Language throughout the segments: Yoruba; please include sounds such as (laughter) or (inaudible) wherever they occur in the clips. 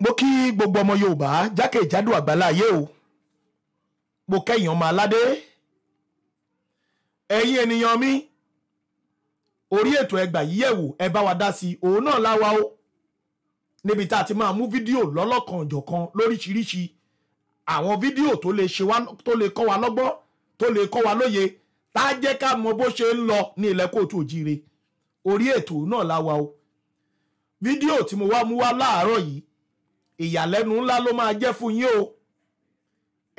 mo kí gbogbo ọmọ yorùbá jákèjádò àgbáláyé o mo kẹ́yìn ọmọ aládé ẹ̀yin ènìyàn mi orí ètò ẹgbà yìí yẹ̀wò ẹ bá wa dá sí i òun náà láwa o níbi tá a ti máa mú fídíò lọ́lọ́kanòjọ̀kan lóríṣiríṣi àwọn fídíò tó lè ṣe wá tó lè kọ́ wa lọ́gbọ́n tó lè kọ́ wa lóye tá a jẹ́ ká mọ bó ṣe ń lọ ní ilẹ̀ kóòtù òjíire orí ètò náà láwa o fídíò tí mo wá mú wá láàárọ̀ yìí ìyàlẹ́nu ńlá ló máa jẹ́ fún yín o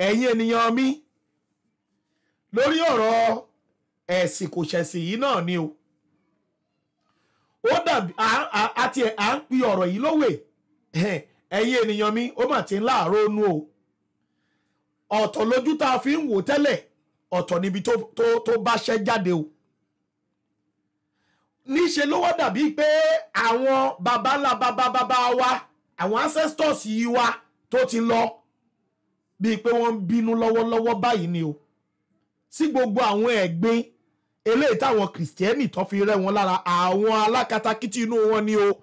ẹ̀yin ènìyàn mi lórí ọ̀rọ̀ ẹ̀sìn kò ṣẹ̀sìn yìí náà ni o ó dàbí àti à ń pi ọ̀rọ̀ yìí lówè ẹ̀yin ènìyàn mi ó mà ti ń láàárọ̀ nu o ọ̀tọ̀ lójú tá a fi ń wò tẹ́lẹ̀ ọ̀tọ̀ níbi tó tó tó bá ṣẹ́ jáde o níṣe ló wá dàbí pé àwọn babańlá bàbá àwọn ancestors yìí wá tó ti lọ bíi pé wọ́n ń bínú lọ́wọ́lọ́wọ́ báyìí ni o sí gbogbo àwọn ẹ̀gbin eléyìí táwọn kìrìsìtẹ́nì tó fi rẹ́ wọn lára àwọn alákatakítí inú wọn ni o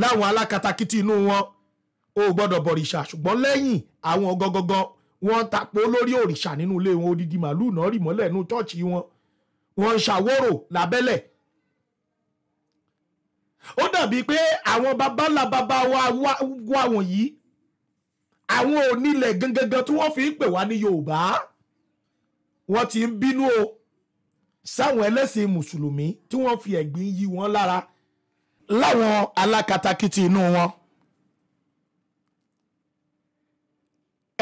láwọn alákatakítí inú wọn o gbọ́dọ̀ bọ̀rìṣà ṣùgbọ́n lẹ́yìn àwọn gọ́gọ́gọ́ wọ́n tapó lórí òrìṣà nínú ilé wọn odidi màálù náà rì mọ́lẹ̀ nínú ṣọ́ọ̀ṣì wọn wọ́n ń ṣàwórò lábẹ́lẹ̀ ó dàbí pé àwọn babalá baba wa wa wọ̀nyí àwọn onílẹ̀ gangan tí wọ́n fi ń pè wá ní Yorùbá wọ́n ti ń bínú o sáwọn ẹlẹ́sìn mùsùlùmí tí wọ́n fi ẹ̀gbin yí wọn lára láwọn alákatakítí inú wọn.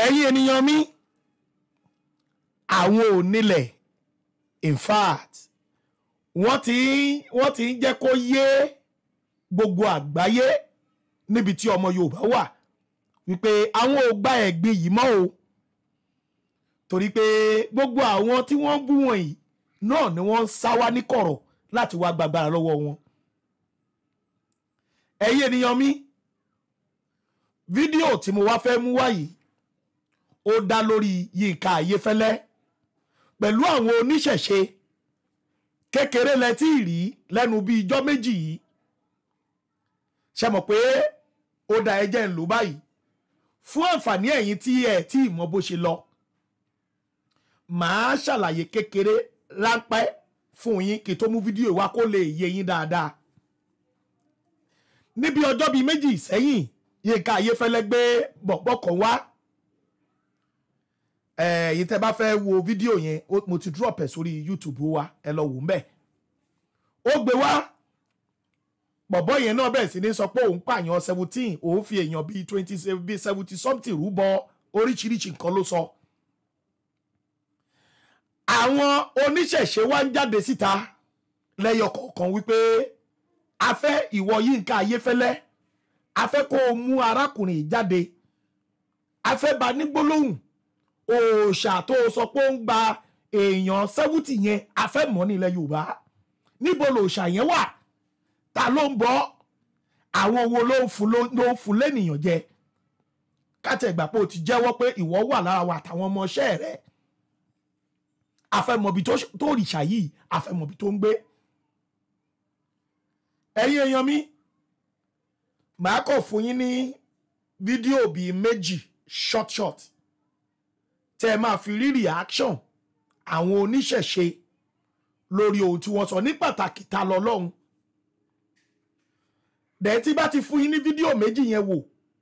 ẹ̀yin ènìyàn mi àwọn ò in fact wọ́n ti wọ́n ti ń jẹ́ kó yé gbogbo àgbáyé níbi tí ọmọ Yorùbá wà wípé àwọn ò gba ẹ̀gbin yìí mọ́ o torí pé gbogbo àwọn tí wọ́n ń bú wọn yìí náà ni wọ́n ń sá wá ní kọ̀rọ̀ láti wá gbàgbára lọ́wọ́ wọn. ẹ̀yin ènìyàn mi fídíò tí mo wá fẹ́ mú wá ó dá lórí Yínká Ayéfẹ́lẹ́ pẹ̀lú àwọn oníṣẹ̀ṣe kékeré lẹ rí lẹ́nu bíi ijọ́ méjì yìí ṣe mọ̀ pé ó da ẹjẹ́ ń lò báyìí fún àǹfààní ẹ̀yin tí ẹ̀ tí ì mọ bó ṣe lọ màá ṣàlàyé kékeré ráńpẹ́ fún yín kí tó mú fídíò wa kó lè yé yín dáadáa níbi ọjọ́ bíi méjì sẹ́yìn Yínká Ayéfẹ́lẹ́ gbé bọ̀bọ̀ wá ẹ̀yin tẹ́ bá fẹ́ wo fídíò yẹn mo ti drop ẹ̀ sórí YouTube wa ẹ lọ wò ń bẹ̀ ó gbé wá bọ̀bọ́ yẹn náà bẹ̀rẹ̀ sí ní sọ pé òun pààyàn seventeen òun fi èèyàn bíi twenty seventy something rúbọ oríṣiríṣi nǹkan ló sọ. àwọn oníṣẹ̀ṣe wá ń jáde síta lẹ́yọ kọ̀ọ̀kan wípé a fẹ́ ìwọ Yínká Ayéfẹ́lẹ́ a fẹ́ kó o mú arákùnrin jáde a fẹ́ bá nígbólóhùn òòṣà tó o sọ pé ó ń gba èèyàn seventy yẹn a fẹ́ mọ̀ nílẹ̀ Yorùbá níbo lòòṣà yẹn wà ta ló ń bọ́ àwọn wo ló ń fún ló ń fún lẹ́nìyàn jẹ kátẹ́ pé o ti jẹ́wọ́ pé ìwọ wà lára wa àtàwọn ọmọọṣẹ́ rẹ̀ àfẹ́mọ̀bí tó rìṣà yìí àfẹ́mọ̀bí tó ń gbé ẹ̀yin èèyàn mi màá kọ̀ fún yín ní fídíò bíi méjì short short tẹ́ ẹ máa fi rí reaction àwọn oníṣẹ̀ṣe lórí ohun tí wọ́n sọ ní pàtàkì ta lọ́lọ́run dẹ̀ tí bá ti fún yín ní fídíò méjì yẹn wò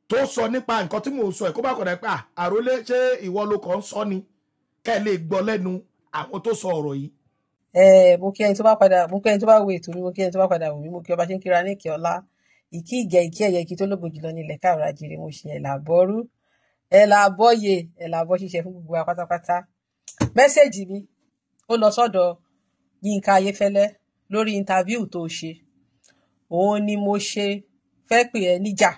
tó sọ nípa nǹkan tí mò ń sọ ẹ̀ kó bá kọ̀dà pé àròlé ṣé ìwọ ló kàn ń sọ ni kẹ́ ẹ lè gbọ́ lẹ́nu àwọn tó sọ ọ̀rọ̀ yìí. ẹ mo kí ẹni tó bá padà mo kí ẹni tó bá wo ètò mi mo kí ẹni tó bá padà wò mí mo kí ọba ṣe ń kíra ní ìkẹ́ ọlá ìkí ìgẹ̀ ìkí ẹ̀yẹ ìkí tó lógo jùlọ ní ilẹ̀ káàrọ̀ àjèrè mo ṣe ẹ̀là bọ́rú ẹ̀là bọ́yè ẹ̀là bọ́ ṣiṣẹ́ fún gbogbo wa mi ó lọ sọ́dọ̀ Yínká Ayéfẹ́lẹ́ lórí intaviu tó ṣe òun ni mo ṣe fẹ́ pè ẹ́ níjà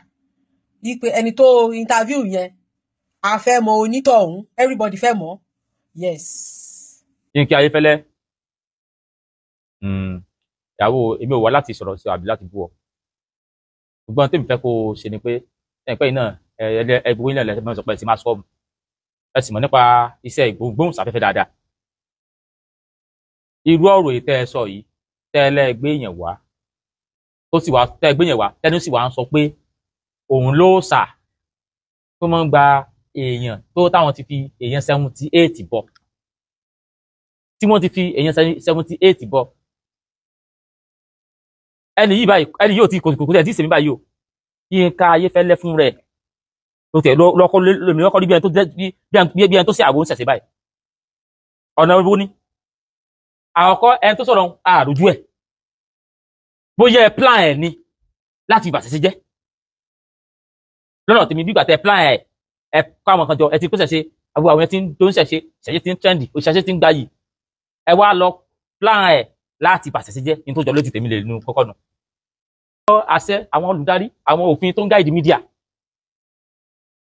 wípé ẹni tó interview yẹn a fẹ́ mọ onítọ̀hún everybody fẹ́ mọ̀ yes. Yínká Ayéfẹ́lẹ́ hmm. ìyàwó èmi ò wá láti sọ̀rọ̀ sí àbí láti bú ọ ṣùgbọ́n tèmi fẹ́ kó o ṣe ni pé ẹ̀pẹ́ iná ẹgbẹ́ ilẹ̀ lẹ́sẹ̀ mẹ́rin sọ pé ẹ ti máa sọ ọ́ ẹ sì mọ̀ nípa iṣẹ́ ìgbóhùnsáfẹ́fẹ́ dáadáa irú ọ̀rọ̀ yìí tẹ́ ẹ sọ yìí tẹ́ ẹ lẹ́ẹ̀gbẹ́ èèyàn wá tó sì wá tẹ́ gbé yẹn wá tẹnu sì wá ń sọ pé òun ló sà tó máa ń gba èèyàn tó táwọn ti fi èèyàn seventy eight bọ̀ tí wọ́n ti fi èèyàn seventy eight bọ̀ ẹni yìí báyìí ẹni yóò ti kòtòkòtò ẹ̀ tí ì sèmi báyìí o Yínká Ayéfẹ́lẹ́ fún rẹ̀ tó tẹ̀ lọ́kọ́ lómi lọ́kọ́ rí bí ẹni tó sí àwọn oníṣẹ̀ṣẹ̀ báyìí ọ̀nà ìbò ni àkọ́kọ́ ẹni tó sọ̀rọ̀ àròjú ẹ̀ bóyá ẹ plan ẹ ni láti ìbàṣẹ ṣe jẹ lọ́nà tèmi bí ìgbà tẹ plan ẹ ẹ kọ́ àwọn kan jọ ẹ ti pèsè ṣe àwọn àwọn ẹni tó ń ṣẹ̀ṣe ṣẹ̀ṣe ti ń trendy òṣìṣẹ́ ti ń gbayì ẹ wá lọ plan ẹ láti ìbàṣẹ ṣe jẹ ní tó jọ lójú tèmi lè nu kọ́kọ́ nu. àṣẹ àwọn olùdarí àwọn òfin tó ń gáìdì mídíà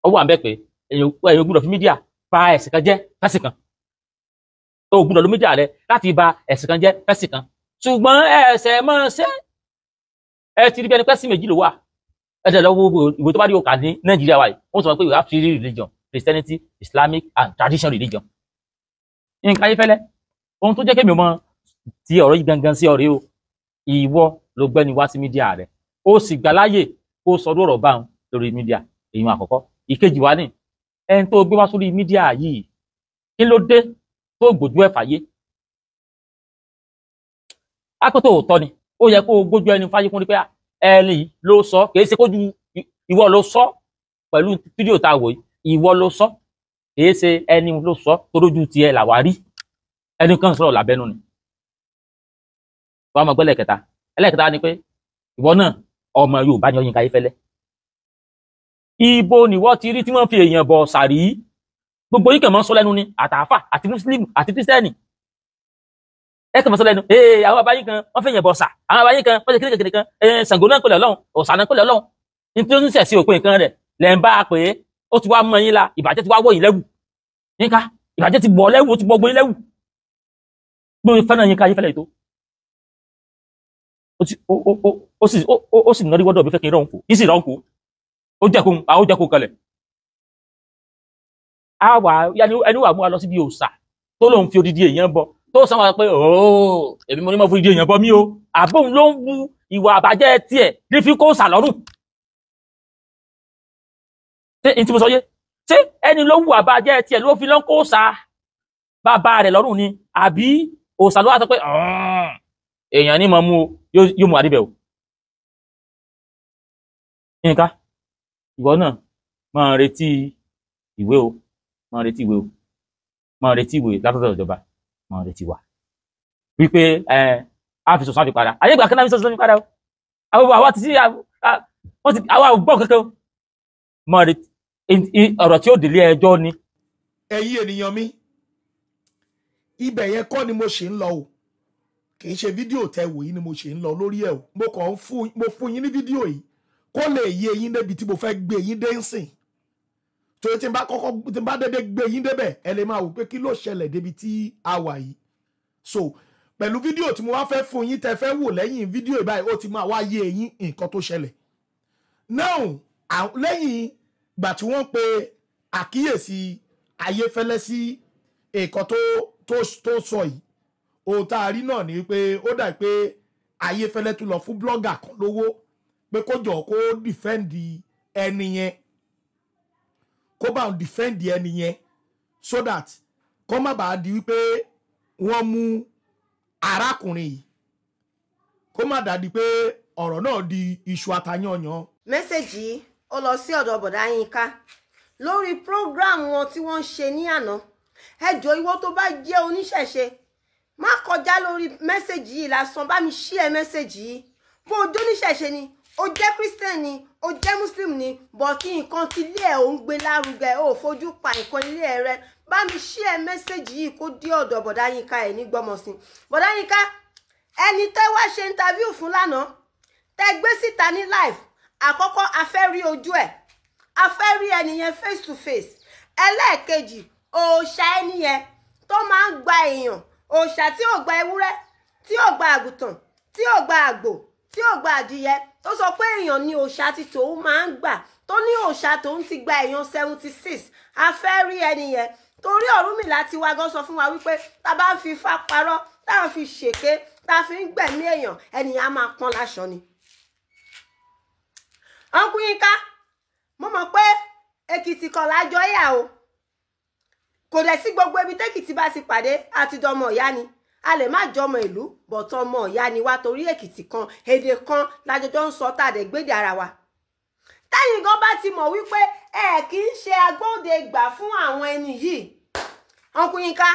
ó wà ń bẹ pé èèyàn gbúdọ̀ fi mídíà bà ẹ̀sìn kan jẹ́ fẹ́sìn kan ó gbúdọ̀ lo mídíà rẹ láti bà ẹ̀sìn kan jẹ́ fẹ́sìn kan ṣùgbọ́n ẹ̀sẹ̀ máa ṣe ẹ ti rí bí ẹni pẹ́ sí méjì ló wà ẹ tẹ̀lé owó ìwé tó bá rí òkà ní nàìjíríà wa yìí wọ́n sọ pé you have three religion christianity islamic and traditional religion. nǹkan ayéfẹ́lẹ́ ohun tó jẹ́ kémi mọ ti ọ̀rọ̀ yìí gangan sí ọ̀rẹ́ o ìwọ ló gbẹ́ni wá sí mídíà rẹ̀ ó sì gbà láàyè kó sọ lórọ̀ bá òun lórí mídíà èèyàn àkọ́kọ́ ìkejì wa ni ẹni tó gbé wá sórí mídíà yìí kí ló dé tó gbójú ẹ̀ fàyè. akótó òótọ́ ni ó yẹ kó o gbójú ẹni fáyíkúnrí pé ah, ẹni ló sọ kì í ṣe kójú ìwọ ló sọ pẹ̀lú fídíò tá a wò ìwọ ló sọ kì í ṣe ẹni ló sọ torójú tiẹ̀ làwa rí ẹni kan sọ̀rọ̀ làbẹ́nu ni wàá mọ̀ pé ẹlẹ́kẹta ẹlẹ́kẹta ni pé ìwọ náà ọmọ Yorùbá ni Yínká Ayéfẹ́lẹ́ ibo nìwọ ti rí tí wọ́n fi èèyàn bọ̀ sàrí gbogbo yìí kàn sọ lẹ́nu ni àtàáfà àti mùsùlùmí àti kírísítẹ́nì ẹ kàn mọ sọlẹ nu ee àwọn abayín kan wọn fẹyìn bọ ọsà àwọn abayín kan wọn ṣe kékeré kékeré kan ẹ Ṣàngó náà kọlẹ Ọlọ́run ọsà náà kọlẹ Ọlọ́run nítorí sẹ sí òpin nǹkan rẹ lẹ ń bá a pè é ó ti wá mọ yín la ìbàjẹ́ ti wá wọ yín lẹ́wù yínká ìbàjẹ́ ti bọ̀ lẹ́wù ó ti bọ̀ gbóyin lẹ́wù gbóyin fẹ́ràn yín ká yín fẹ́lẹ̀ ètò ó sì nọrí wọ́dọ̀ bí fẹ́ kí n rọ̀ nkù yín sì rọ̀ nkù ó jẹ́ kó àwọn ó jẹ́ kó kalẹ̀ àwa ẹni wà mú wa lọ síbi òòsà tó lóun fi odidi èèyàn bọ tó sọ wọn pé ooo oh, èmi mo ní mọ fún ìdí èèyàn bọ mí o àbóhùn ló ń wu ìwà àbàjẹ́ tiẹ̀ ní fi kó sàlọ́rùn ṣé n tí mo sọ yé ṣé ẹni ló wù àbàjẹ́ tiẹ̀ ló fi lọ́n kó sa bàbá rẹ̀ lọ́rùn ni àbí òòsà ló wà sọ pé èèyàn ní mọ mú o yóò mú àdébẹ̀ o nǹkan ìwọ náà máa retí ìwé o máa retí ìwé o máa retí ìwé látọ̀dọ̀ ìjọba mọ retí wa wípé ẹ á fi sọsọ àfi padà ayé ìgbà kan náà fi sọsọ àfi padà o àwọn àwa ti sí wọn ti àwa ò gbọ́ kankan mọ retí ọ̀rọ̀ tí ó délé ẹjọ́ ni. ẹ̀yin ènìyàn mi ibẹ̀ yẹn kọ́ ni mo ṣe ń lọ o kì í ṣe fídíò tẹ wò yìí ni mo ṣe ń lọ lórí ẹ̀ o mo kàn ń fún yín ní fídíò yìí kó lè yé yín débi tí mo fẹ́ gbé yín dé ń sìn torí tí n bá kọ́kọ́ tí n bá dédé gbé yín débẹ̀ ẹ lè máa wò pé kí ló ṣẹlẹ̀ débi tí a wà yìí so pẹ̀lú fídíò tí mo wá fẹ́ fún yín tẹ fẹ́ wò lẹ́yìn fídíò ìbáyìí ó ti máa wá yé yín nǹkan tó ṣẹlẹ̀ now lẹ́yìn ìgbà tí wọ́n pe àkíyèsí ayéfẹ́lẹ́ sí nǹkan tó tó tó sọ yìí ohun tá a rí náà ni pé ó dà pé ayéfẹ́lẹ́ tún lọ fún blọ́gà kan lówó pé kó jọ kó dìfẹ́ǹdì ẹni yẹn kó bá ń defend ẹni yẹn so that kó má bàa di wípé wọ́n mú arákùnrin yìí kó má dàdí pé ọ̀rọ̀ náà di iṣu atayanyan. mẹ́sẹ̀gì yìí ó lọ sí ọ̀dọ̀ bọ̀dá yínká lórí program wọn tí wọ́n ń ṣe ní àná ẹjọ́ ìwọ tó bá jẹ́ oníṣẹ̀ṣe má kọjá lórí mẹ́sẹ̀gì yìí lásán bá mi ṣí ẹ mẹ́sẹ̀gì yìí bó jóníṣẹ̀ṣe ni ó jẹ́ christian ni ó jẹ́ muslim ni bọ̀ kí nǹkan ti ilé ẹ̀ ò ń gbé lárugẹ ò fojú pa nǹkan ilé ẹ̀ rẹ bá mi share message yìí kó dé ọ̀dọ̀ bọ̀dá yínká ẹ̀ ní gbọ́mọ̀sìn bọ̀dá ẹni tẹ́ wá ṣe interview fún lánàá tẹ́ gbé síta ní live àkọ́kọ́ a fẹ́ rí ojú ẹ̀ a fẹ́ rí ẹni yẹn face to face ẹlẹ́ẹ̀kejì òòṣà ẹni yẹn tó máa ń gba èèyàn òòṣà tí ò gba ewúrẹ́ tí ò gba àgùntàn tí ò gba àgbò tí ò gba adìyẹ tó sọ pé èèyàn ni òòṣà ti tòun máa ń gbà tó ní òòṣà tòun ti gba èèyàn seventy six a fẹ́ rí ẹni yẹn torí Ọ̀rúnmìlà ti wá gan sọ fún wa wípé tá a bá ń fi ifá parọ́ tá a fi ṣèké tá a fi ń gbẹ̀mí èèyàn ènìyàn á máa pọ́n láṣọ ni. ọkùnrin ká mo mọ̀ pé Èkìtì kan lájọ yà o kò dẹ̀ sí gbogbo ibi tẹ́kìtì bá ti pàdé àti dọmọ ìyá ni a lè má jọmọ ìlú bọ̀tán ọmọ ìyá ni wá torí èkìtì kan èdè kan lájọjọ ń sọ tàdé gbédè ara wa tẹ́yìn gan bá ti mọ̀ wípé ẹ kì í ṣe agbóde gbà fún àwọn ẹni yìí ọkùnrin ká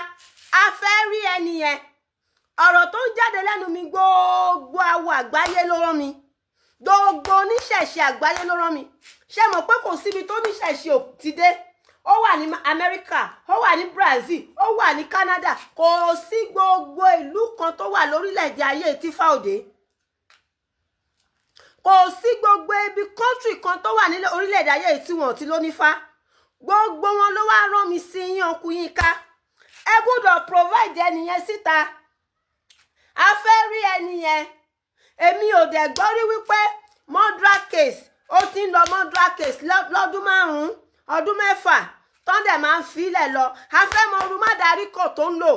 a fẹ́ rí ẹni yẹn ọ̀rọ̀ tó ń jáde lẹ́nu mi gbogbo awọ àgbáyé ló rán mi gbogbo oníṣẹ̀ṣe àgbáyé ló rán mi ṣé mọ̀ pé kò síbi tó níṣẹ̀ṣe ti dé ó wà ní Amẹ́ríkà ó wà ní Brazil ó wà ní Canada kò sí gbogbo ìlú kan tó wà lórílẹ̀‐èdè ayé tífà òde kò sí gbogbo ibi kọ́ńtì kan tó wà ní orílẹ̀‐èdè ayé tí wọ́n ti ló nífà gbogbo wọn ló wá rán mi sí yín ọkùnrin ká ẹ gbọ́dọ̀ provide ẹnìyẹn síta a fẹ́ rí ẹnìyẹn èmi ò dẹ̀ gbọ́ rí wípé murder case ó ti ń lọ murder case lọ́dún márùn-ún ọdún mẹ́fà tọ́ndẹ̀ máa ń filẹ̀ lọ afẹ́mọ oru má darí kò tó ń lò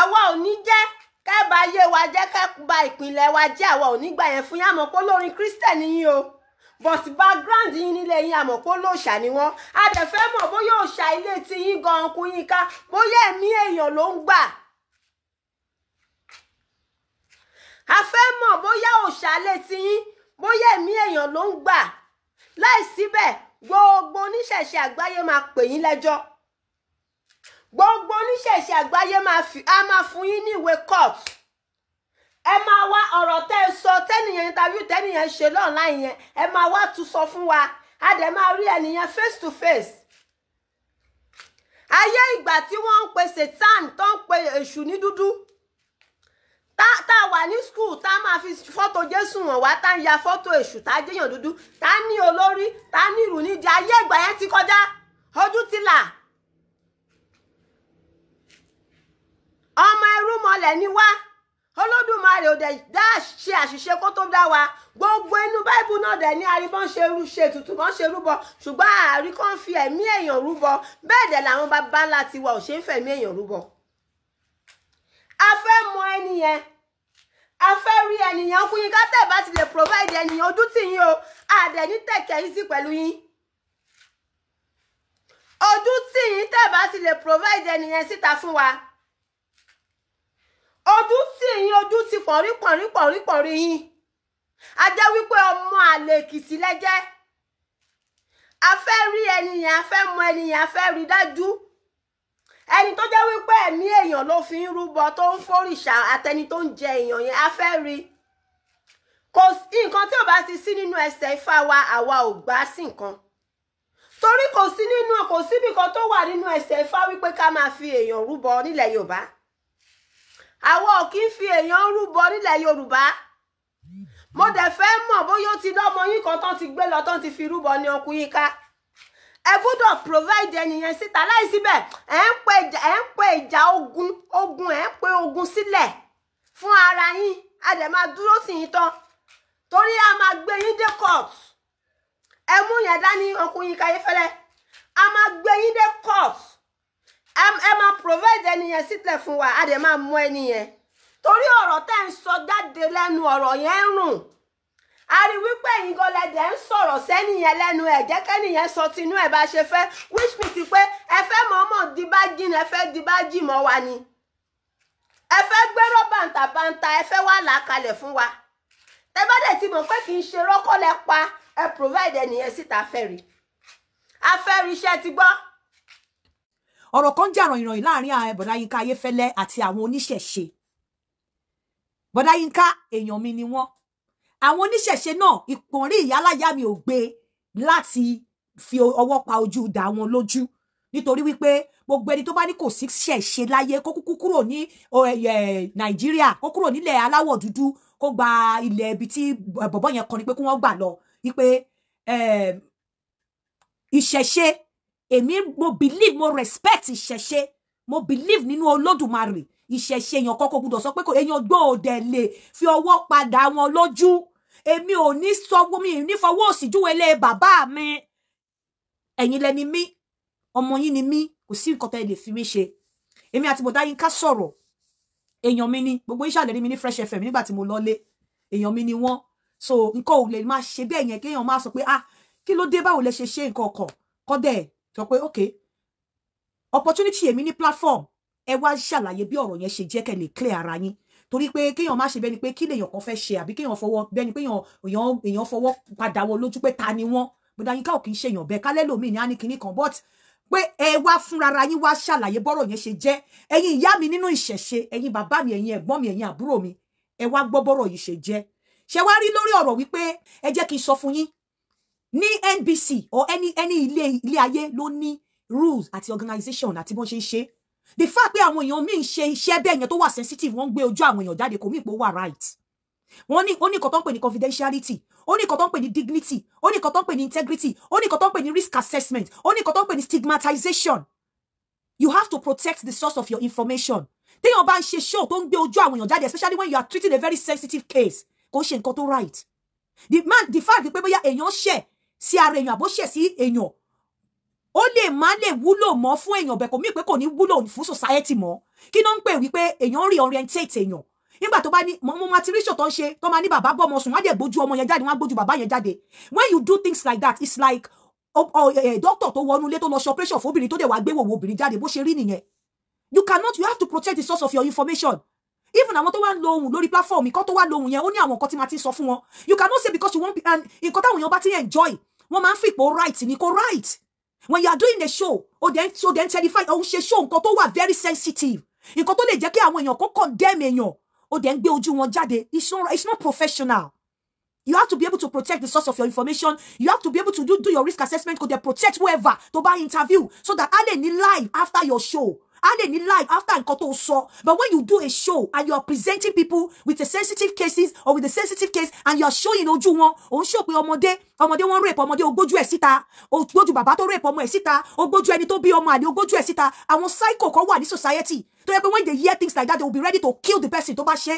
àwa ò ní jẹ́ kẹ́ẹ̀bá ayé wa jẹ́ kẹ́ẹ̀bá ìpínlẹ̀ wa jẹ́ àwa ò ní gbà yẹn fún yín àmọ́ pé olórin christian yín o but background yín nílé yín àmọ́ pé olóòṣà ni wọ́n a dẹ̀ fẹ́ mọ̀ bóyá òòṣà ilé ti yín gan-an kú yín ká bóyá ẹ̀mí èèyàn ló ń gbà. a fẹ́ mọ̀ bóyá òòṣà ilé ti yín bóyá ẹ̀mí èèyàn ló ń gbà láì síbẹ̀ gbogbo oníṣẹ̀ṣe àgbáyé máa pè yín lẹ́jọ́ gbogbo oníṣẹ̀ṣe àgbáyé á máa fún yín ní ìwé court ẹ máa wá ọ̀rọ̀ tẹ́ ẹ sọ tẹ́nìyẹn interview tẹ́nìyẹn ṣe online yẹn ẹ máa wá tún sọ fún wa a dẹ̀ máa rí ẹnìyẹn face to face ayé ìgbà tí wọ́n ń pe satan tó ń pe èṣù ní dúdú tá tá wà ní skul tá máa fi fọ́tò jésù hàn wá tá ń ya fọ́tò èṣù tá jẹ́yàn dúdú tá ní olórí tá ní ìrù nídìí ayé ìgbà yẹn ti kọjá ojú ti là ọmọ ẹrú mọlẹ̀ ni wá olódùmarè ò dẹ̀ dá ṣe àṣìṣe kó tó dá wa gbogbo inú báìbù náà dẹ̀ ní arìbọn ṣe rú ṣe ètùtù mọ́ ṣe rúbọ ṣùgbọ́n àárí kan fi ẹ̀mí èèyàn rúbọ bẹ́ẹ̀ dẹ̀ làwọn bàbá ńlá tiwa ò ṣe ń fẹ̀mí èèyàn rúbọ a fẹ́ mọ ẹni yẹn a fẹ́ rí ẹnìyàn kú yín kátẹ́ bá ti lè provide ẹnìyàn ojú tì yín o àdẹ̀ ní tẹ̀kẹ́ yín sí pẹ̀lú yín ojú tì yín tẹ́ bá ti lè provide ẹnìyẹn síta fún wa ojú tì yín ojú ti pọ̀nrí pọ̀nrí pọ̀nrí pọ̀nrí yín a jẹ́ wípé ọmọ àlè Èkìtì lẹ́jẹ́ a fẹ́ rí ẹnìyàn a fẹ́ mọ ẹnìyàn a fẹ́ rí dájú ẹni tó jẹ́ wípé ẹ̀mí èèyàn ló fi ń rúbọ tó ń fòrìṣà àtẹni tó ń jẹ èèyàn yẹn a fẹ́ rí kò nǹkan tí ò bá ti sí nínú ẹsẹ̀ ifá wa àwa ò gbà sí nǹkan torí kò sí nínú kò síbi kan tó wà nínú ẹsẹ̀ ifá wípé ká máa fi èèyàn rúbọ nílẹ̀ yorùbá àwa ò kí ń fi èèyàn rúbọ nílẹ̀ yorùbá mo dẹ̀ fẹ́ mọ̀ bóyá ó ti lọ́mọ yín kan tán ti gbé lọ tán ti fi rúbọ ní ọkùnrin ká ebudo provide ẹni yẹn síta láìsíbẹ̀ ẹ̀ ń pe ìjà ẹ̀ ń ìjà ogun ogun ẹ̀ ń pe ogun sílẹ̀ fún ara yín a dẹ̀ máa dúró sí yín tán torí a máa gbé yín dé court ẹ mú yẹn dání ọkùnrin káyéfẹ́lẹ́ a máa gbé yín dé court ẹ máa provide ẹni yẹn sílẹ̀ fún wa a dẹ̀ máa mú ẹni yẹn torí ọ̀rọ̀ tẹ́ ń sọ jáde lẹ́nu ọ̀rọ̀ yẹn ń rùn. a rí wípé ẹ̀yin gan lẹ́dẹ̀ ń sọ̀rọ̀ sẹ́niyẹn lẹ́nu ẹ̀ jẹ́ kẹ́niyẹn sọ tinú ẹ̀ bá ṣe fẹ́ which means pé ẹ fẹ́ mọ̀ọ́mọ̀ di bá jìn ẹ fẹ́ di bá jì mọ́ wa ni ẹ fẹ́ gbérọ́ bàǹtàbàǹtà ẹ fẹ́ wà làákalẹ̀ fún wa tẹ bá dẹ̀ ti mọ̀ pé kì í ṣe rọ́kọ́lẹ̀ pa ẹ provide ẹnìyẹn síta fẹ́rí afẹ́rí iṣẹ́ ti gbọ́. ọ̀rọ̀ kan jà rànyìnrànyìn láàrin bọ̀dá Yínká Ayéfẹ́lẹ́ àti àwọn oníṣẹ̀ṣe bọ̀dá Yínká àwọn oníṣẹ̀ṣe náà ìpọ̀nrí ìyáláyá mi ò gbé láti fi ọwọ́ pa ojú dà wọn lójú nítorí wípé gbogbo ẹni tó bá ní kò sí ṣẹ̀ṣe láyé kó kúkú kúrò ní nàìjíríà kó kúrò nílẹ̀ aláwọ̀ dúdú kó gba ilẹ̀ ibi tí bọ̀bọ̀ yẹn kọrin pé kí wọ́n gbà lọ wípé ìṣẹ̀ṣe èmi mo believe mo respect ìṣẹ̀ṣe mo believe nínú olódùmarè ìṣẹ̀ṣe èèyàn kọ́kọ́ gbúdọ̀ sọ pé èèyàn gbọ́dọ̀ dẹ̀ lè fi ọwọ́ padà wọn lójú èmi ò ní sọwọ́ mi ní fọwọ́ òsì júwèlé bàbá mi ẹ̀yin lẹni mí ọmọ yín ni mi kò sí nǹkan tẹ́ lè fi mí ṣe èmi àti bọ̀dá yín ká sọ̀rọ̀ èèyàn mi ni gbogbo iṣẹ́ àlẹ́rí mi ní fresh fm nígbà tí mo lọ́lé èèyàn mi ni wọ́n so nǹkan ò lè máa ṣe bẹ́ẹ̀ yẹn kéèyàn máa sọ pé ah kí ló dé báwo lẹ ṣe ṣe nǹkan ọkọ̀ kọ́ dẹ̀ sọ pé ok opportunity èmi ní platform ẹ wá ṣàlàyé bí ọ̀rọ̀ yẹn ṣe jẹ́ kẹ́ lè clear ara yín torí pé kéèyàn má ṣe bẹ́ni pé kí lèèyàn kan fẹ́ ṣe àbí kéèyàn fọwọ́ bẹ́ni pé èèyàn fọwọ́ padà wọ lójú pé ta ni wọ́n bọ́dá yín ká kì í ṣèyàn bẹ́ẹ̀ kálẹ́ lòmíì ní á kan but pé ẹ wá fúnrara yín wá ṣàlàyé bọ́rọ̀ yẹn ṣe jẹ́ ẹ̀yin ìyá mi nínú ìṣẹ̀ṣe ẹ̀yin bàbá mi ẹ̀yin ẹ̀gbọ́n mi ẹ̀yin àbúrò mi ẹ wá gbọ́ bọ́rọ̀ yìí ṣe jẹ́ ṣe wá rí lórí ọ̀rọ̀ wípé ẹ jẹ́ kí n sọ fún yín ní NBC or any any ilé ilé ayé ló ní rules àti organization àti bọ́n ṣe ń ṣe the fact pé àwọn èèyàn míì ń ṣe iṣẹ́ bẹ́ẹ̀ yẹn tó wà sensitive wọ́n ń gbé ojú àwọn èèyàn jáde kò mí pé wà right wọ́n ní ó ní nǹkan ń pè ní confidentiality ó ní nǹkan tó ń pè ní dignity ó ní nǹkan tó ń pè ní integrity ó ní nǹkan tó ń pè ní risk assessment ó ní nǹkan tó ń pè ní stigmatization you have to protect the source of your information téèyàn bá ń ṣe show tó ń gbé ojú àwọn èèyàn jáde especially when you are treating a very sensitive case kò ń ṣe nǹkan tó right the man the fact pé bóyá èèyàn ṣẹ̀ sí ara èèyàn àbó ṣẹ̀ sí èèyàn ó lè má lè wúlò mọ́ fún èèyàn bẹ́ẹ̀ kò mí pé kò ní wúlò fún society mọ́ kí ló ń pè wípé èèyàn rí orientate èèyàn nígbà tó bá ní mo máa ti rí ṣòtọ́ ṣe tó máa ní bàbá bọ́ ọmọ sùn wọ́n á dẹ̀ gbójú ọmọ yẹn jáde wọ́n á gbójú bàbá yẹn jáde when you do things like that it's like e, e, doctor tó wọnú ilé tó lọ ṣe operation fóbìnrin tó dẹ̀ wá gbé wòwò obìnrin jáde bó ṣe rí nìyẹn you cannot you have to protect the source of your information even àwọn tó wá ń lo ohun lórí platform ìkan tó wá lo ohun yẹn ó ní àwọn nǹkan tí ma ti sọ fún wọn you cannot say because you wan be and nǹkan táwọn èèyàn bá ti enjoy wọn máa ń fi ipò right ni kò right when you are doing a show o then so then terrified o ń show nǹkan tó wà very sensitive nǹkan tó lè jẹ́ kí àwọn èèyàn kó condemn èèyàn o den gbé ojú wọn jáde it's not it's not professional you have to be able to protect the source of your information you have to be able to do do your risk assessment kó dẹ̀ protect whoever to buy interview so that a lè ní live after your show And lè ní life after nǹkan tó so. but when you do a show and you are presenting people with the sensitive cases or with the sensitive case and you are showing ojú wọn ò ń show pé ọmọdé ọmọdé wọn rape ọmọdé ogójú ẹ̀ síta ogójú bàbá tó rape ọmọ ẹ̀ síta ogójú ẹni tó bí ọmọ àlè ogójú ẹ̀ síta àwọn psycho kan wà ní society tó yẹ when they hear things like that they will be ready to kill the person tó bá ṣe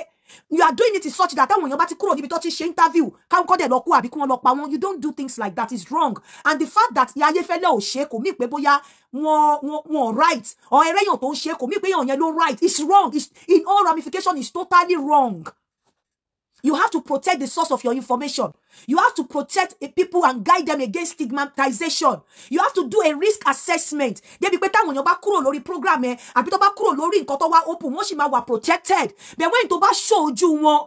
you are doing it in such that táwọn èèyàn about to kúrò níbi tó ti ṣe interview káwọn kọ́dẹ̀ lọ kú àbí kí wọ́n lọ pa wọn you don't do things like that it's wrong and the fact that ayéfẹ́lẹ́ ò ṣe kò mí pé bóyá wọn wọn wọn right or ẹrẹ́yàn tó ń ṣe kò mí pé èèyàn yẹn ló right it's wrong it's, in all ramification it's totally wrong. You have to protect the source of your information. You have to protect eh, people and guide them against stigmatization. You have to do a risk assessment. Débi pé táwọn èèyàn bá kúrò lórí program ẹ àbí tó bá kúrò lórí nǹkan tó wá open wọ́n sì máa wà protected. Bẹ́ẹ̀ wẹ́n tó show ṣojú wọn,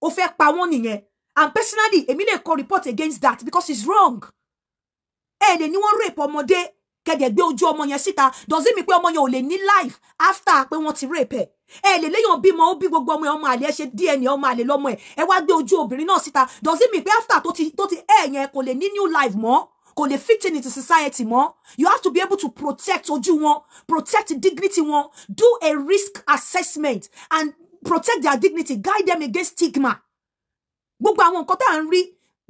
ó fẹ́ pa wọ́n nìyẹn. And personally, èmi lè call report against that because it's wrong. Eh, lè ní wọ́n rape ọmọdé kẹ̀dẹ̀ gbé ojú ọmọ yẹn síta. Does it mean pé ọmọ yẹn ò lè ní life after pé wọ́n ti rape ẹ̀? ẹ lè léyàn bímọ ó bí gbogbo ọmọ ẹ ọmọ àlè ẹ ṣe dna ọmọ àlè lọmọ ẹ ẹ wá gbé ojú obìnrin náà síta doesn't mean pé after tó ti tó ti ẹ yẹn kò lè ní new life mọ́ kò lè fit in into society mọ́ you have to be able to protect ojú wọn protect dignity wọn do a risk assessment and protect their dignity guide them against stigma gbogbo àwọn nǹkan tá à ń rí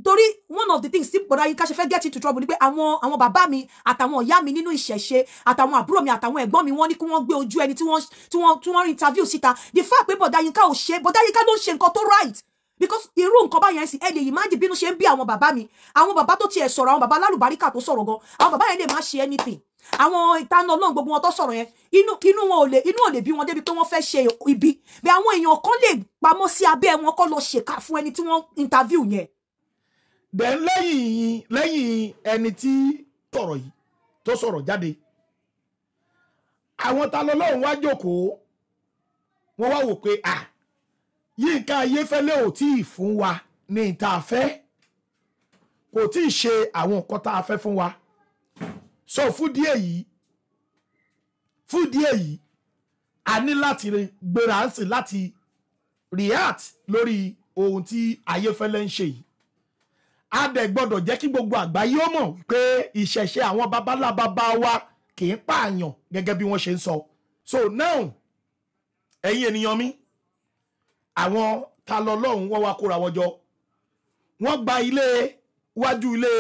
torí one of the things tí bọ̀dá yìí ká ṣe fẹ́ get into trouble ni pé àwọn àwọn bàbá mi àtàwọn ìyá mi nínú ìṣẹ̀ṣe àtàwọn àbúrò mi àtàwọn ẹ̀gbọ́n mi wọ́n ní kí wọ́n gbé ojú ẹni tí wọ́n tí wọ́n tí wọ́n interview síta the fact pé bọ̀dá yìí ká ò ṣe bọ̀dá yìí ká ló ń ṣe nǹkan tó right because irú nǹkan báyẹn sì ẹ lè yìí máa dì bínú ṣe ń bí àwọn bàbá mi àwọn bàbá tó tiẹ̀ sọ̀rọ̀ àwọn bàbá lálùbáríkà tó sọ̀rọ̀ gan àwọn bàbá yẹn lè má ṣe anything àwọn ìtaná ọlọ́run gbogbo wọn tó sọ̀rọ̀ yẹn inú inú wọn ò lè inú ò lè bí wọn débi pé wọ́n fẹ́ ṣe ibi bí àwọn èèyàn kan lè pamọ́ sí abẹ́ wọn kọ́ lọ ṣèkà fún ẹni tí wọ́n interview yẹn then lẹ́yìn lẹ́yìn ẹni tí tọ̀rọ̀ yìí tó sọ̀rọ̀ jáde àwọn ta lọ́lọ́run wá jókòó wọ́n wá wò pé à Yínká Ayéfẹ́lẹ́ ò tí ì fún wa ní ìta afẹ́ kò tí ì ṣe àwọn nǹkan tá a fẹ́ fún wa sọ fún díẹ̀ yìí fún díẹ̀ yìí a ní láti gbéra ń sìn láti react lórí ohun tí Ayéfẹ́lẹ́ ń ṣe yìí a dẹ̀ gbọ́dọ̀ jẹ́ kí gbogbo àgbáyé ó mọ̀ pé ìṣẹ̀ṣe àwọn babalábàbá wa kì í pààyàn gẹ́gẹ́ bí wọ́n ṣe ń sọ so now ẹ̀yin ènìyàn mi àwọn ta lọ lọ́hùn wọ́n wá kóra wọn jọ wọ́n gba ilé wájú ilé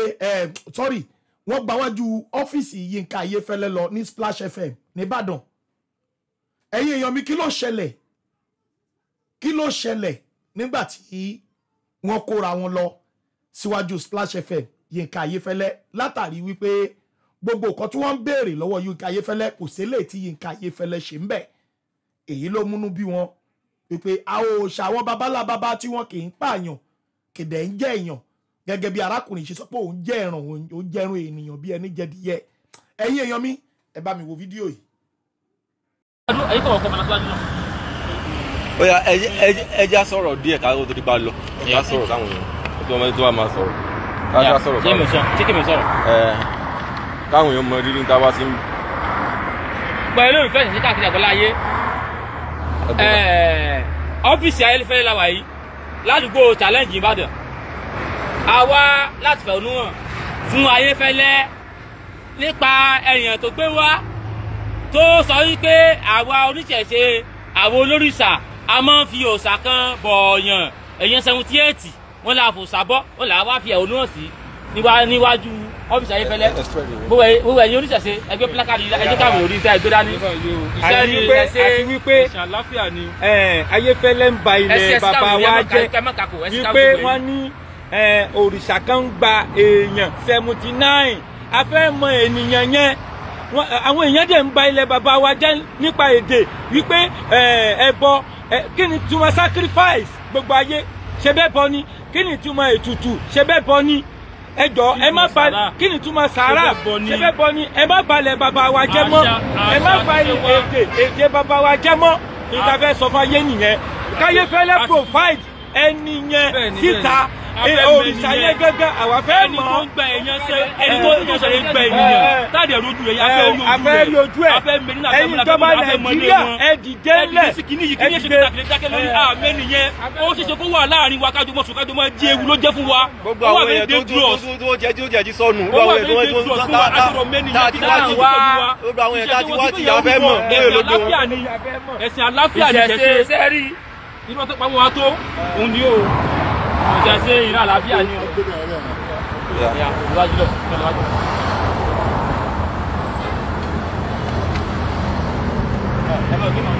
sorry wọ́n gba wájú ọ́fíìsì Yínká Ayéfẹ́lẹ́ lọ ní Splash FM nìbàdàn ẹ̀yin èèyàn mi kí ló ṣẹlẹ̀ kí ló ṣẹlẹ̀ nígbà tí wọ́n kóra wọn lọ síwájú Splash FM Yínká Ayéfẹ́lẹ́ látàrí wípé gbogbo nǹkan tí wọ́n ń béèrè lọ́wọ́ Yínká Ayéfẹ́lẹ́ kò sílẹ̀ tí Yínká Ayéfẹ́lẹ́ ṣe ń bẹ̀ èyí ló múnú bí wọn wípé àwọn òòṣà àwọn babalábábá tí wọn kì í pààyàn kìdẹ̀ ń jẹ́ èèyàn gẹ́gẹ́ bí arákùnrin ṣe sọ pé òun jẹ́ ẹ̀ràn òun jẹ́ ẹ̀rùn ènìyàn bí ẹni jẹ́díyẹ ẹ̀yin èèyàn mi ẹ bá mi wo fídíò yìí. ó yá ẹja sọ̀rọ̀ díẹ̀ ká tó di pa lọ ká sọ̀rọ̀ sáwọn èèyàn. Tu vas tó bá máa sọ̀rọ̀ kájá sọ̀rọ̀ káwọn tí kèmí sọ̀rọ̀. káwọn èèyàn mọ rírì tá a wá sí. pẹ̀lú olùfẹ́ ìṣẹ̀ṣẹ̀ káàkiri àgbọ̀lá ayé eh, ọ́fíìsì ayélujára wà yìí ládùúgbò challenge là tu fais nous. Vous il Ìbàdàn a wá láti fẹ̀hónú hàn fún Ayéfẹ́lẹ́ nípa èèyàn tó gbé wá tó sọ wípé àwa oníṣẹ̀ṣe àwọn olórìṣà a máa ń fi òòṣà kan bọ̀ọ̀yàn èèyàn seventy eight wọn là fòsà bọ́ wọn là wá fi ẹ̀hónú hàn sí níwájú ọ́fíìsì ayéfẹ́lẹ́ gbogbo ẹ̀yin oníṣẹ̀ṣe ẹgbẹ́ pílákàdì ẹjọ́ káwọn orí iṣẹ́ ẹgbẹ́ dání. àti wípé àti wípé ayéfẹ́lẹ́ ń ba ilẹ̀ bàbá wa jẹ́ wípé wọ́n ní òrìṣà kan ń gba èèyàn seventy nine a fẹ́ mọ ènìyàn yẹn àwọn èèyàn dẹ̀ ń ba ilẹ̀ bàbá wa jẹ́ nípa èdè wípé ẹbọ kí ni tiwọn sacrifice gbogbo ayé ṣe bẹ́ẹ̀ bọ ni kí ni túmọ̀ ètùtù ṣe bẹ́ẹ̀ bọ́ ní ẹ jọ ba kí ni túmọ̀ sàárà ṣe bẹ́ẹ̀ bọ́ ní ẹ má balẹ̀ bàbá wa jẹ́ mọ́ ẹ má ba èdè èdè bàbá wa jẹ́ mọ́ níta ah. fẹ́ sọ fún ayé nìyẹn ah. káyé fẹ́lẹ́ ah. provide ẹni yẹn òrìṣà yẹn gángan àwa fẹ́ mọ̀ ẹni tó ń gbẹ èèyàn ṣe ẹni tó ń ṣe gbẹ ènìyàn táàdì ẹ̀rọ ojú rẹ̀ afẹ́ rí ojú rẹ̀ afẹ́ mẹ́rin náà ẹ̀yin jọba nàìjíríà ẹ̀dìdé lẹ̀ ẹ̀dìdé ẹ̀dìdé ó ṣeṣe kó wà láàrin wa kájọmọ sùn kájọmọ jẹ ewu ló jẹ fún wa gbogbo àwọn èèyàn ọjà ṣe ìrìn àlàáfíà ni o. ìwájú lọ ìwájú lọ. ẹ bá kí n mọ.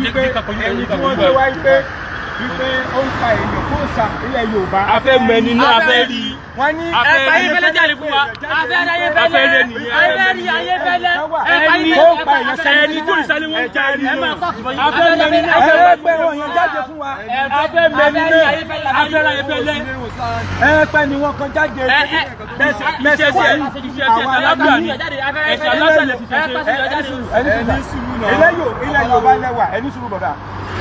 pé ẹni tí wọ́n gbé wá pé wípé ó ń fa èèyàn kó sa ilẹ̀ yorùbá. a fẹ́ mọ ẹni náà a fẹ́ rí i. wọ́n ní ẹ̀ka ayébẹ́lẹ́ jáde fún wa a fẹ́ rí ayébẹ́lẹ́ ayébẹ́lẹ́ ayébẹ́lẹ́ ẹni tó ń pa èèyàn sẹ́yìn ẹni tó ń sẹ́yìn wọ́n já rí i. a fẹ́ mọ ẹni náà a fẹ́ gbẹ́ ọ̀yàn jáde fún wa. a fẹ́ mọ ẹni náà a fẹ́ rí ayébẹ́lẹ́. ẹ pẹ́ ni wọ́n kan jáde mẹ́sẹ̀ àwọn alábìyàn ẹ̀sẹ̀ alábìyàn ẹ̀sẹ̀ ilẹ̀ yóò ilẹ̀ Yorùbá lẹ́wà ẹni sùúrù bọ̀dà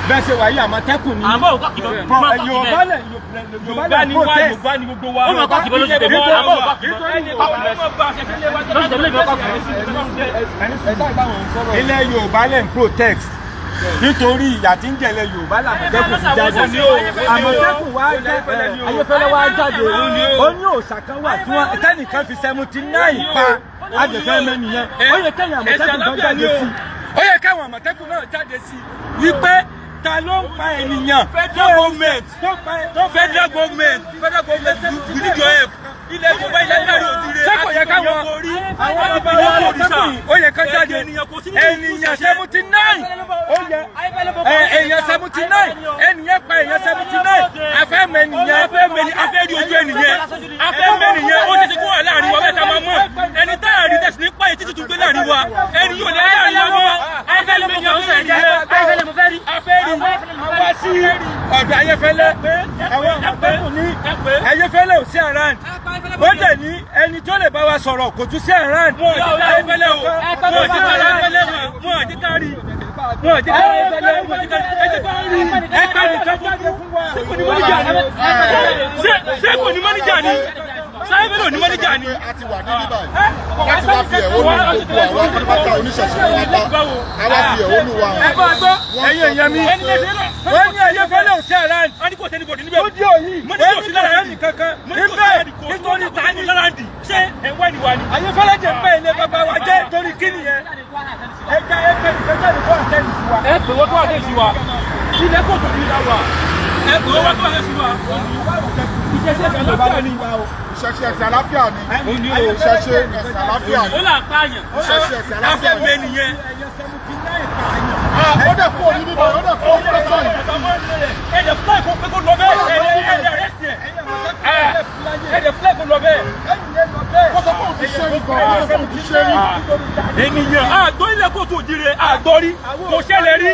bẹ́ẹ̀ ṣe wà yí àmọ̀tẹ́kùn ni Yorùbá lẹ̀ Yorùbá ni wá Yorùbá ni gbogbo wa ọmọ kọ́kì bọ́ lóṣù tèmi wọn àwọn kọ́kì ilẹ̀ Yorùbá lẹ̀ ń protect nítorí ìyà tí ń jẹlẹ yorùbá làmọ̀tẹ́kùn ti jáde àmọ̀tẹ́kùn wá jáde ayéfẹ́lẹ́ wá jáde ó ní òòṣà kan wà tí wọ́n tẹ́nìkan fi seventy nine pa àjẹfẹ́ mẹ́niyẹn ó yẹ kẹ́yìn àmọ̀tẹ́kùn gbọ́dọ̀ lé sí i ó yẹ káwọn àmọ̀tẹ́kùn náà jáde sí i wípé ta ló ń pa ènìyàn federal government federal government federal government we need your help ilẹ̀ ìjọba ilẹ̀ ìjọba òdìrẹ àti ìyọ̀wò orí àwọn ọba ìyọ̀wò òrìṣà ó yẹ ká jáde ènìyàn seventy nine ó yẹ èèyàn seventy nine ènìyàn pa èèyàn seventy nine afẹ́mẹ ènìyàn afẹ́rí ojú ènìyàn afẹ́mẹ ènìyàn ó ti ti láàrin wa mẹ́ta máa mọ̀ ẹni tá a rí tẹ̀sí ní pààyè títí tún gbé láàrin wa ẹni yóò lẹ́ láàrin wa mọ́ àwa sí ọ̀dọ̀ ayéfẹ́lẹ́ àwọn àgbẹ̀kùn ní ayéfẹ́lẹ́ ò sí around ó dẹ̀ ní ẹni tó lè bá wa sọ̀rọ̀ kò tún sí around mo ò jẹ́ ayéfẹ́lẹ́ o mo ò jẹ́ ayéfẹ́lẹ́ mo ò jẹ́ kárí mo ò jẹ́ ayéfẹ́lẹ́ mo ò jẹ́ kárí ẹgbẹ́ mi kan fún wa ṣé kò mọ́níjà ni sáyé mélòó ni mọ́níjà ni. a ti wà níbí báyìí láti wá fi ẹ̀hónú gbogbo àwọn onípátá oníṣẹ̀ṣẹ̀ wọn bá a wá fi ẹ̀hónú wa hàn. ẹgbẹ́ ọgbọ́ ẹ̀yin èèyàn mi wọ́n ní ẹ̀yẹ fẹ́lẹ̀ òsì àrán. wọ́n ní kò sẹ́ni bòdì níbẹ̀. ó di òyì mo ní kò sí lára ẹni kankan. níbẹ̀ nítorí ta ni lára ẹni ṣé ẹ̀wọ́ ni wà ni. àyè fẹ́lẹ̀ jẹ bẹ́ẹ̀ ni bàbá wa jẹ́ torí kí nìyẹn. ẹja ẹgbẹ́ ìgbẹ́jọ́ ni kò àtẹ̀ ìsú wa. ẹ pè wọ́n kó àtẹ̀ ìsú wa. ilẹ̀ kò tó ní ìlà wa. ẹ pè wọ́n kó àtẹ̀ ìsú wa. ìjẹsẹ̀ ìjọba ìṣẹ̀ṣẹ̀ ẹ̀sìn àlàáfíà ni ìṣẹ̀ṣẹ̀ ẹ̀sìn àlàáfíà ni ó là pààyàn ìṣẹ̀ṣẹ̀ ẹ̀sìn àlàáfíà ni afẹ́mi nìyẹn. ó dẹ̀ kó orí bíbọ̀ ó dẹ̀ kó orí bíbọ̀ yìí. ẹ̀jẹ̀ fúláì kó pé kó lọ bẹ́ẹ̀ ẹ̀jẹ̀ rẹ̀ sí ẹ̀ ẹ̀jẹ̀ fúláì kó lọ bẹ́ẹ̀. ó sọ fún òtún ṣe nìkan ó sọ fún òtún ṣe rí. ènìyàn àgbọ̀ ilé kò tó jíire àgbọ̀ rí kò ṣẹlẹ̀ rí.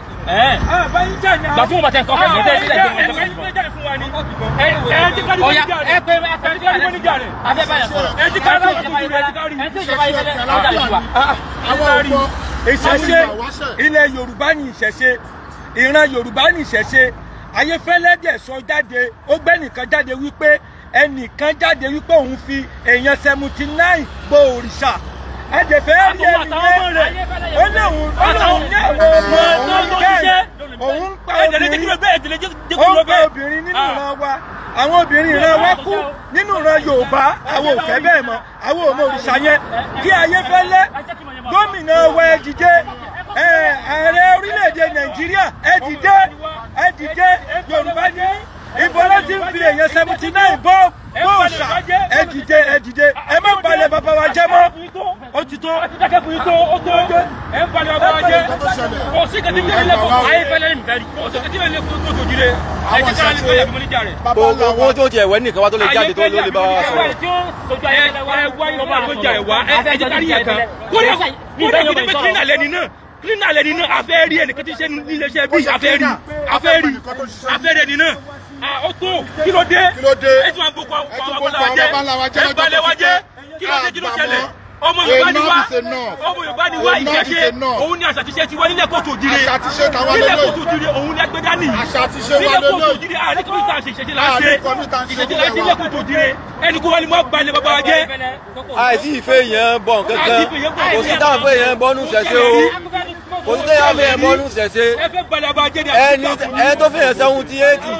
Ah, gbà fún bàtẹ kọkẹ gbà tẹ sílẹ̀ gbà ọyà ẹ pé ẹ pé abẹ báyà sọ̀rọ̀ ẹ ti kárí ẹ ti kárí ẹ ti kárí ẹ ti kárí ìṣẹ̀ṣe ilẹ̀ Yorùbá ni ìṣẹ̀ṣe ìran Yorùbá ni ìṣẹ̀ṣe Ayéfẹ́lẹ́ dẹ̀ sọ jáde ó gbẹ́nìkan jáde wípé ẹnìkan jáde wípé òun fi èèyàn seventy nine gbọ́ òrìṣà ajẹ̀fẹ́ rí ẹni yẹn ó léwu ó léwu ní ẹ̀wọ̀ òun kẹ́ẹ̀ òun ń pa obìnrin ó pa obìnrin nínú ìran wa àwọn obìnrin ìran wa kú nínú ìran Yorùbá àwọn ò fẹ́ bẹ́ẹ̀ àwọn ò òrìṣà yẹn kí Ayéfẹ́lẹ́ gómìnà wa ẹ dìde ààrẹ orílẹ̀-èdè Nàìjíríà ẹ dìde ẹ dìde Yorùbá ní ìbò ló ti ń fi èèyàn seventy nine bọ́ bó ṣà ẹ dìde ẹ dìde ẹ má balẹ̀ bàbá wa jẹ́ mọ́ ó ti tó. ó ti dákẹ́ fún yín tó ó tó ẹ ń balẹ̀ bàbá wa jẹ́ kò sí kẹ́tí bẹ́ẹ̀ lẹ́kọ̀ọ́ ayé fẹ́lẹ́ ní nìkan kò sí kẹ́tí bẹ́ẹ̀ lẹ́kọ̀ọ́ tó jòjì rẹ̀ ẹ ti kára ní bẹ́ẹ̀ lẹ́kọ̀ọ́ níjà rẹ̀. gbogbo owó tó jẹ ìwẹ́ nìkan wá tó lè jáde tó ló lè bá wa sọ̀rọ̀. ẹ wá nínú alẹ́ nínú afẹ́rí ẹnìkan tí ń ṣe nílé iṣẹ́ bí afẹ́rí afẹ́rí afẹ́rí ẹni náà Ah, ó tó kí ló dé ẹ tún wá gbogbo àwọn ọmọ bàbá wa jẹ ẹ balẹ̀ wa jẹ kí ló ọmọ yorùbá ni wá ọmọ yorùbá ni wá ìṣẹ̀ṣe òun ni àṣàtìṣe ti wá nílẹ̀ kóòtù òjìrè nílẹ̀ kóòtù òjìrè òun ni ẹgbẹ́ dání nílẹ̀ kóòtù òjìrè àárín kọ́mítà ṣe ìṣẹ̀ṣe la ṣe ìṣẹ̀ṣe la ṣe nílẹ̀ kóòtù òjìrè ẹni kó wálé mọ́ gbalẹ̀ bàbá wa jẹ́. àìsí ìfẹ́ yẹn bọ̀ kankan kò sí táwọn fẹ́ yẹn bọ́nú ṣẹ̀ṣe o kò sí táwọn fẹ́ yẹn bọ́nú ṣẹ̀ṣe ẹni tó fẹ́ yẹn sẹ́wọ́n ti éètì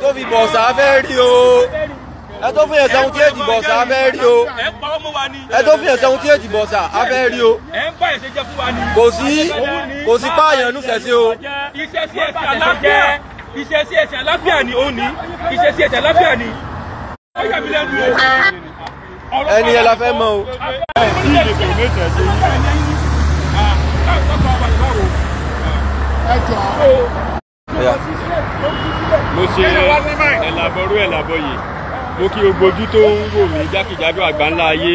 tó fi bọ̀ sáfẹ́ rí o ẹ tó fìyàn sẹ́hun tí èjì bọ̀ sá a fẹ́ rí o ẹ tó fìyàn sẹ́hun tí èjì bọ̀ sá a fẹ́ rí o kò sí kò sí páàyàn lùsẹ̀ sí o. iṣẹ́ sí ẹ̀sìn aláfíà iṣẹ́ sí ẹ̀sìn aláfíà ni ó ní iṣẹ́ sí ẹ̀sìn aláfíà ni ó yà mí lẹ́nu o. ẹni ẹ la fẹ́ mọ o. ẹ jọ̀ọ́. mo ṣe ẹ̀ làbọ̀rú ẹ̀ làbọ̀ yìí mo kí gbogbo ojú tó ń wò mí jákèjádò àgbáńlá ayé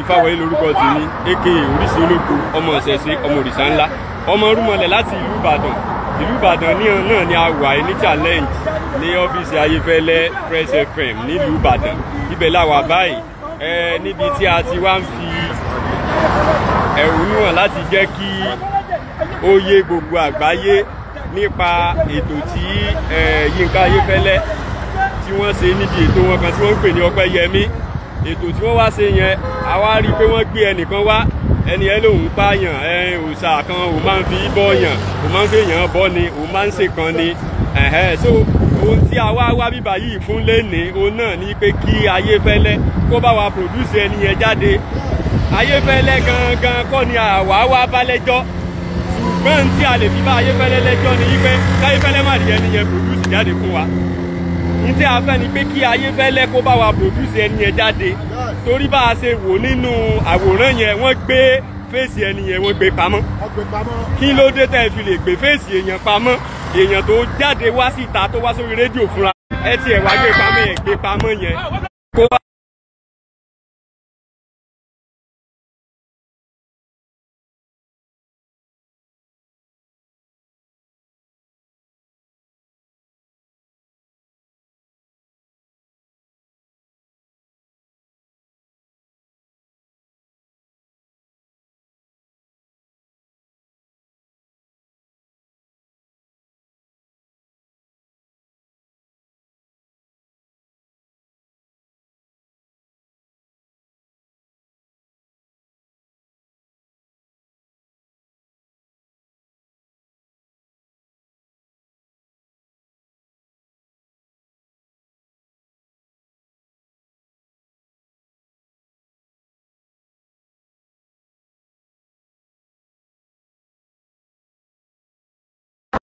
ìfàwọ̀yé lórúkọ tèmi aka oríṣi olóko ọmọ ìṣẹ̀ṣe ọmọ òrìṣà ńlá ọmọ rúmọlẹ̀ láti ìlú ìbàdàn ìlú ìbàdàn náà ni a wà ní challenge ní ọ́fíìsì ayéfẹ́lẹ́ fresh fm nílùú ìbàdàn ibẹ̀ la wà báyìí níbi tí a ti wá ń fi ẹ̀hónú hàn láti jẹ́ kí ó yé gbogbo àgbáyé nípa ètò tí Yínká ayéfẹ́lẹ́ tí wọ́n ṣe níbi ètò wọn kan tí wọ́n ń pè ní ọpẹ́ yẹmí ètò tí wọ́n wá ṣe yẹn a wá rí i pé wọ́n gbé ẹnìkan wá ẹni ẹ lòun pààyàn ẹ òòṣà kan òun máa ń fi bọ́ òun máa ń fi yàn bọ́ ni òun máa ń ṣèkan ni so ohun tí a wá wá bíbá yìí fún lẹ́ni òun náà ni pé kí ayéfẹ́lẹ́ kó bá wa pòdúsì ẹni yẹn jáde ayéfẹ́lẹ́ gangan kọ́ ni àwa wá bá lẹ́jọ́ ṣùgbọ́n tí a lè fi bá ayéfẹ́lẹ́ lẹ́jọ́ ni yí pé káyéfẹ́lẹ́ má rí ẹni yẹn pòdúsì jáde fún wa ní tí a fẹ́ ni pé kí Ayéfẹ́lẹ́ kó bá wa pòdúsì ẹni yẹn jáde torí bá a ṣe wò nínú àwòrán yẹn wọ́n gbé fèsì ẹni yẹn wọ́n gbé pamọ́ kí ló dé tẹ́ ẹ fi lè gbé fèsì èèyàn pamọ́ èèyàn tó jáde wá síta tó wá sórí rédíò fúnra ẹ tiẹ̀ wá gbé pamọ́ yẹn gbé pamọ́ yẹn kó wá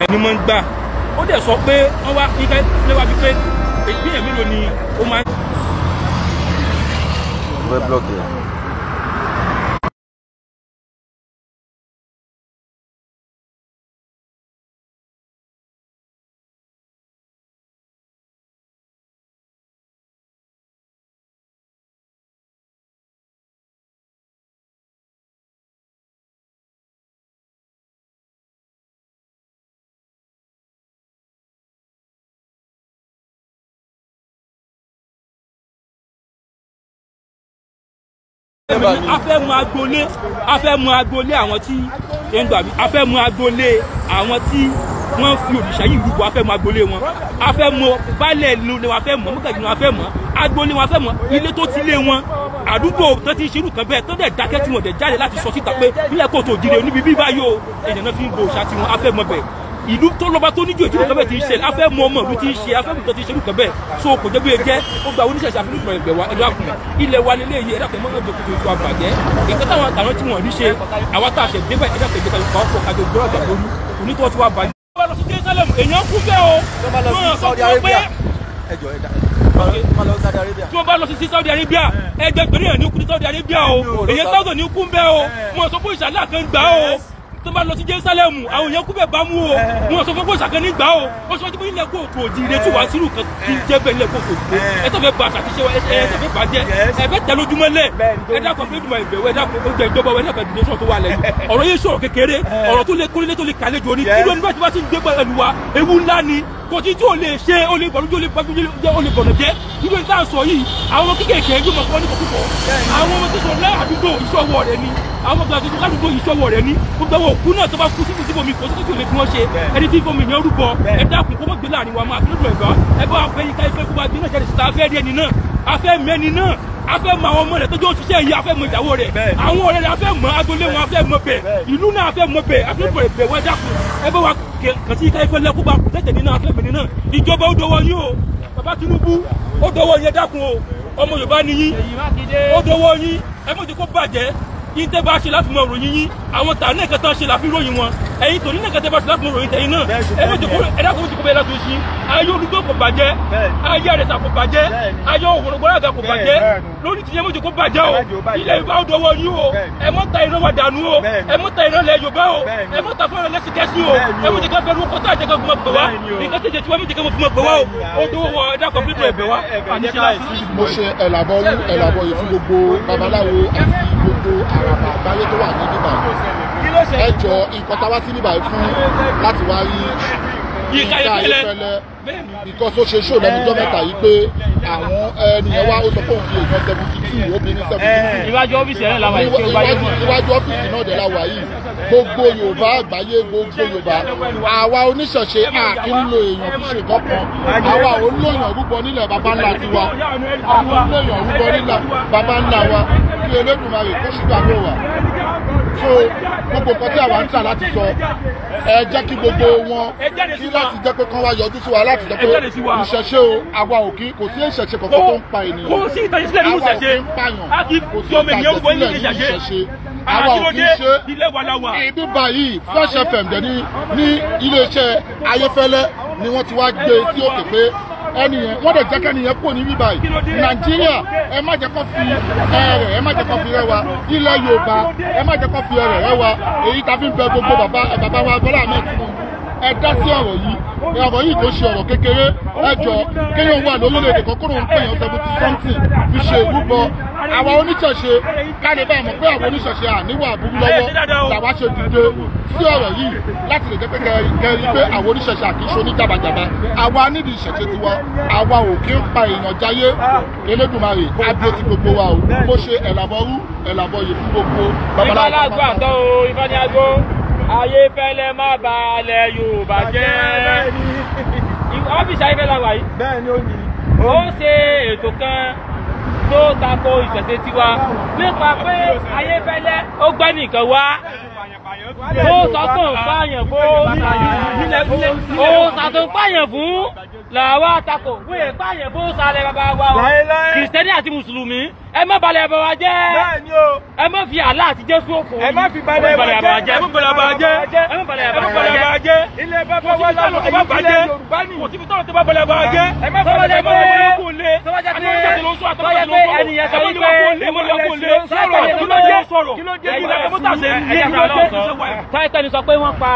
ẹni mọ́ ń gbà ó dẹ̀ sọ pé wọ́n wá ní kẹ́lẹ́ wá fi pé lò ní ó máa ń. a fẹ́ mú agboolé a fẹ́ mú agboolé àwọn tí ẹ ń gbà mí a fẹ́ mú agboolé àwọn tí wọ́n fi òrìṣà yìí lùkọ́ a fẹ́ mú agboolé wọn a fẹ́ mú baálẹ̀ lu ni wọ́n fẹ́ mọ̀ mọ́kàjì ni wọ́n fẹ́ mọ̀ agboolé wọn fẹ́ mọ̀ ilé tó ti lé wọn àdúgbò tó ti ṣerú kan bẹ́ẹ̀ tó dẹ̀ dákẹ́ tí wọ́n dẹ̀ jáde láti sọ síta pé nílẹ̀ kò tó jíire níbi bíbá yóò èèyàn náà fi ń bo òṣà tiwọn a fẹ́ bẹ́ẹ̀ ìlú tó lọ́ba tó níjò ìtúrò kan bẹ́ẹ̀ ti ń ṣe afẹ́ mọ ọmọ ìlú ti ń ṣe afẹ́ nǹkan ti ń ṣe nǹkan bẹ́ẹ̀ so kò jẹ́ bí e jẹ́ ó gba oníṣẹ̀ṣẹ̀ àfihàn ìgbà ẹgbẹ̀ wa ẹ̀dá kun ilẹ̀ wa lélẹ̀ yìí ẹ̀dá kẹmọ́ ẹgbẹ̀ kòtò ètò àbàjẹ́ nǹkan táwọn àtàwọn tí wọ́n rí ṣe àwa tá a ṣẹ̀ débẹ̀ ẹ̀dá kẹjẹ kan kọ́ ọkọ̀ kájọ gbọ́rọ̀ gbàgbọ́rú onítọ̀ tí wàá bàjẹ́. èèyàn kú bẹ́ẹ̀ o wọ́n sọ pé tí wọ́n bá lọ sí Saudi Arabia eh. ẹgbẹgbẹ̀rún yẹn ní kú ní Saudi Arabia o èyí sáwọ́dọ̀ ní kú ń bẹ́ẹ̀ o wọ́n eh. sọ pé ìṣàlá kan gbà o tó bá lọ sí Jerusalem àwọn èèyàn kú bẹ̀ bá mú o eh. wọn sọ fún kó sàkán nígbà o wọn sọ fún ilẹ̀ kóòtù òjìire tí wàá sírù kan kí n jẹ́ bẹ́ẹ̀ ilẹ̀ kóòtù òjìire eh. ẹ sọ fẹ́ ba àṣà tíṣe ẹ ẹ sọ fẹ́ eh. bàjẹ́ ẹ fẹ́ tẹ lójúmọ́ lẹ̀ ẹ fún ìdùnnú ìbẹ̀wò ẹ dákun ìjọba ẹ dákun ìdílé sọ̀rọ̀ tó wà lẹ́yìn ọ̀rọ̀ yẹn sọ̀rọ̀ kékeré ọ̀rọ̀ tó lé kólé tó lé kàlejò ni kí tí o lè ṣe o lè bọ̀dọ̀ o lè bọ̀dọ̀ jẹ́ o lè bọ̀dọ̀ jẹ́ irú ẹni tá sọ yìí àwọn ọmọ kékèké gbé mọ̀kọ́ ní kọ̀kúkọ̀ àwọn ọmọ tó sọ lẹ́yìn àdúgbò ìṣọwọ́ rẹ ni àwọn ọmọ tó sọ lẹ́yìn àdúgbò ìṣọwọ́ rẹ ni gbogbo òkú náà tó bá kú síbi síbò mi kò sí kékeré fún wọn ṣe ẹni tí fún yẹn rúbọ ẹ dákun kó mọ̀ gbé láàrin wa máa fi lódò ẹ̀gbọ́n ẹ bá fẹ́ yíká ife kó bá gbé jáde síta afẹ́ rí ẹni náà afẹ́ mẹ́ni náà afẹ́ mọ àwọn ọmọ rẹ̀ tó jẹ́ òṣìṣẹ́ yìí afẹ́ mọ ìyàwó rẹ̀ àwọn ọ̀rẹ́ rẹ̀ afẹ́ mọ agbolé wọn afẹ́ mọ bẹ̀ ìlú náà afẹ́ mọ bẹ̀ afẹ́ mọ bẹ̀ wọ́n dákun ẹ wa kàn sí yíká ife lẹ́kọ́ bá kù tẹ̀tẹ̀ nínú afẹ́ mẹ́ni náà ìjọba ó dọwọ́ yín o bàbá Tinubu ó dọwọ́ yín dákun o ọmọ Yorùbá ni yín ó dọwọ́ yín ẹ mọ̀ jẹ́ kó bàjẹ́ yín tẹ́ bá ṣe láti mọ ròyìn yín àwọn tàà náà kẹta ṣe láfi ròyìn wọn ẹ̀yin tòní náà kẹta bá ṣe láti mọ ròyìn tẹ̀yin náà ẹ̀fọ́ jòkó ẹ̀dá kò jòkó bẹ́ẹ̀ látò sí ayé olùgbò kò bàjẹ́ ayé àrẹ̀sà kò bàjẹ́ ayé òwòrògbòrò àga kò bàjẹ́ lórí tìyẹ́ mọ́jòkó bàjẹ́ o ilẹ̀ Yorùbá ó dọwọ́ yín o ẹ mọ́ ta ìran wa dànù o ẹ mọ́ ta ìran lẹ̀ Yorùbá o ẹ mọ́ ta fúnra lẹ́sìkẹ́sì o ẹ mọ́ jẹ́ká fẹ́ẹ́ lóko tá a jẹ́ká gbọmọ gbẹwà nǹkan tẹ̀jẹ̀ tí wọ́n mú jẹ́ká mo fi mọ̀ gbẹwà o ó dọwọ́ wọ ẹ̀dá gbogbo àràbà àgbáyé tó wà ní bíbá ẹ jọ nǹkan tá sí bíbá fún láti wá rí yíká ayéfẹ́lẹ́ because ó ṣe ṣó lẹ́nu ọjọ́ mẹ́ta yìí pé àwọn ènìyàn eh, wa ó sọ pé òun fi èèyàn seventy two obìnrin seventy two. Eh, iwájú ọ́fíìsì ẹ̀rẹ́ làwọn àyè tí ó gbájú mọ́. iwájú ọ́fíìsì náà dẹ̀ làwọn àyè gbogbo yorùbá àgbáyé gbogbo yorùbá àwa oníṣẹ̀ṣe àkí ń lo èèyàn fún ṣèkọ́ kan àwa ò ń lo èèyàn rúbọ nílẹ̀ baba ńlá tiwa àwọn ń lo èèyàn rúbọ nílẹ̀ baba ńlá wa kí Olódùmarè kó ṣùgbà ló wà so gbogbo nǹkan tí àwa ń tà láti sọ ẹ jẹ́ kí gbogbo wọn kí láti jẹ́ pé kán wá yọjú sí wa láti jẹ́ pé ìṣẹ̀ṣe o àwa ò kí kò sí ìṣẹ̀ṣe kankan tó ń pa ènìyàn kò sí ìtàjẹsílẹ̀ nínú ìṣẹ̀ṣe àwa ò kí ń pààyàn kò sí ìtàjẹsílẹ̀ nínú ìṣẹ̀ṣe àwa ò kí ṣe ibi báyìí Fresh FM dẹ̀ ní iléeṣẹ́ ayéfẹ́lẹ́ ni wọ́n ti wá gbé sí òkè pé ẹnìyẹn wọ́n dẹ̀ jẹ́ kẹ́nìyẹn kò ní bí báyìí nàìjíríà ẹ má jẹ́ kó fi ẹrẹ̀ ẹ má jẹ́ kó fi rẹwà ilẹ̀ yorùbá ẹ má jẹ́ kó fi ẹrẹ̀ rẹwà èyí tá a fi ń bẹ gbogbo bàbá wa bọ́lá mi tún ẹ dá sí ọ̀rọ̀ yìí ọ̀rọ̀ yìí kò ṣe ọ̀rọ̀ kékeré ẹ jọ kéèyàn wà lórílẹ̀‐èdè kọ́kọ́rọ́ ń pèyàn seventy something fi ṣe ìrúbọ àwa oníṣẹ̀ṣe káde bá mọ̀ pé àwọn oníṣẹ̀ṣe àníwà burú lọ́wọ́ làwa ṣe dìde sí ọ̀rọ̀ yìí láti lè jẹ́ pé kẹrin pé àwọn oníṣẹ̀ṣe àkíṣe oníjàbàjàbà àwa nídìí ìṣẹ̀ṣe tiwa àwa ò kí ń pa èèyàn jayé Elédùmarè adé ti gbogbo wa o mo ṣe ẹ̀làbọ̀rú ẹ̀làbọ̀yè fún gbogbo babaláwo. ìbálàgbà tó ìbániago ayéfẹ́lẹ́ má bà alẹ̀ yorùbá jẹ́ ọ́fíìsì ayéfẹ́lẹ́ wà yìí bẹ́ẹ̀ ni ó ní. ó ṣe ètò kan tó tako ìṣẹ̀ṣe tiwa nípa pé ayéfẹ́lẹ́ ó gbẹ́ nìkan wá ó sọ tó fún ó sọ tó fún làwa àtakò wọ́n yẹ pààyàn fún sàlẹ̀ bàbá wa o kìrìsìtẹ́nì àti mùsùlùmí ẹ má balẹ̀ bàbá wa jẹ́ ẹ má fi àlá àti jésù òfò ẹ má fi balẹ̀ bàbá jẹ́ ẹ má balẹ̀ bàbá jẹ́ ẹ má balẹ̀ bàbá jẹ́ ilé bàbá wa la lọ́kọ̀ bàbá jẹ́ kò síbi tọ́lọ̀ tó bá balẹ̀ bàbá jẹ́ ẹ má fọwọ́ lẹ́ mọ́ ẹ kò lé àtọ́jà tó ló sọ àtọ́jà tó tó ló sọ àtọ́jà tó tó ló sọ àtọ́jà tó tó ló sọ àtọ́jà tó tó ló sọ àtọ́jà tó tó ló sọ àtọ́jà tó tó ló sọ àtọ́jà tó tó ló sọ àtọ́jà tó tó ló sọ àtọ́jà tó tó ló sọ àtọ́jà tó tó ló sọ àtọ́jà tó tó ló sọ àtọ́jà tó tó ló sọ àtọ́jà tó tó ló sọ àtọ́jà tó tó ló sọ àtọ́jà tó tó ló sọ àtọ́jà tó tó ló sọ àtọ́jà tó tó ló sọ àtọ́jà tó tó ló sọ àtọ́jà tó táìtẹ́ ni sọ pé wọ́n pa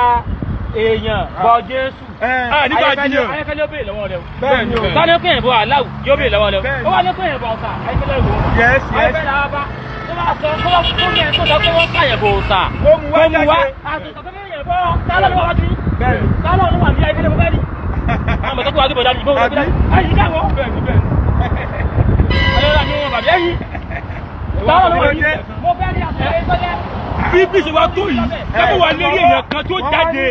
èèyàn ah. bọ jésù eh. ah, nígbà jíjẹ ayẹkẹlẹ yóò béèrè lọ́wọ́ rẹ o o tani ó kéèyàn bọ aláwù yóò béèrè lọ́wọ́ rẹ o ó wà ní kéèyàn bọ ọ̀sà ayẹkẹlẹ yóò wọ ayẹkẹlẹ làwọn bá tó bá sọ kó yẹn tó sọ pé wọ́n pààyàn bọ ọ̀sà kó mu wá àti sọ pé kéèyàn bọ tálọ̀ ló wà bí (laughs) tálọ̀ ló wà bí ayẹkẹlẹ bọ bẹ́ẹ̀ ni àmọ̀ tó kó wà gbé bọ̀dá ni ìbọn wà gbé bọ̀dá ni ayé bí bí ṣe wá tó yìí lẹ́kọ̀ọ́ wa lérí èèyàn kan tó jáde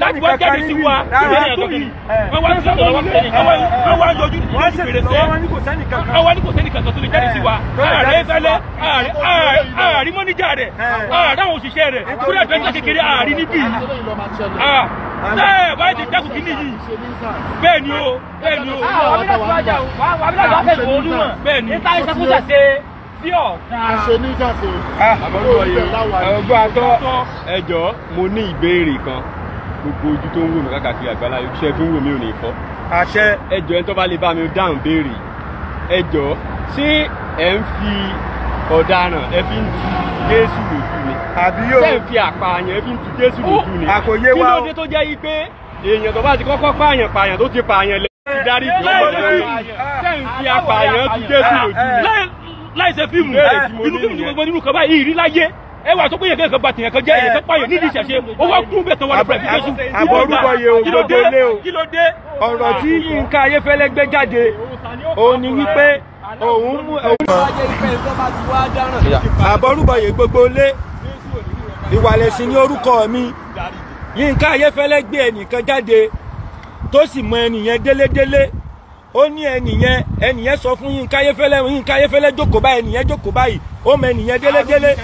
láti wá jáde sí wa lérí èèyàn tó yìí wọ́n wá sí ọ̀rọ̀ wọn wọ́n wá yọjú lórí fèrèsé wọ́n wá ní kò sẹ́ni kankan tó lè jáde sí wa ààrẹ fẹ́lẹ́ ààrí mọ́níjà rẹ̀ ààrẹ àwọn òṣìṣẹ́ rẹ̀ kúrẹ́ àtúntà kékeré ààrí níbí bẹ́ẹ̀ bá ti dẹ́kun kínní yìí bẹ́ẹ̀ ni o bẹ́ẹ̀ ni o. wàá wàá bí wàá fẹ́ lò ó dùn bẹ́ẹ̀ ni. nípa sí ọ̀tá. a ṣe ní ìjàsè. ọgbọ́n atọ́ ẹjọ́ mo ní ìbéèrè kan gbogbo ojú tó ń wò mí káàkiri àgbàlá yìí ṣe fi ń wò mí ò ní fọ́. àṣẹ ẹjọ́ ẹni tó bá lè bá mi dáhùn béèrè ẹjọ́ ṣé ẹ ń fi ọ̀daràn ẹ fi ń tu Jésù lójú ni. àbí yóò ṣé ń fi àpààyàn ẹ fi ń tu Jésù lójú ni. àkòyé wa o kí ló dé tó jẹ́ yí pé èèyàn tó bá ti kọ́kọ́ pààyàn pààyàn tó ti pààyàn lẹ́yìn ìdarí ìgbìmọ̀ lórí ṣé ń láì ṣe fíìmù ah, inú fíìmù ni gbogbo nínú kan báyìí ìrí láyé ẹ wà tó péye kankan ba tèèyàn kan jẹ èyàn kan pààyàn nídìí ìṣẹ̀ṣe ó wá kún bẹ́ẹ̀ tó wà lọ́pọ̀ ẹ̀fíkẹ́sù. àbọ̀rúbọ yẹ ni wípé òun mú òun. àbọ̀rúbọ yẹ gbogbo lé ìwàlẹ̀sìn ní orúkọ mi Yínká Ayéfẹ́lẹ́ gbé ẹnìkan jáde tó sì mọ ẹnìyẹn délédélé ó ní ẹnìyẹn ẹnìyẹn sọ fún Yínká Ayéfẹ́lẹ́ Yínká Ayéfẹ́lẹ́ jókòó báyìí ẹnìyẹn jókòó báyìí ó mọ ẹnìyẹn délédélé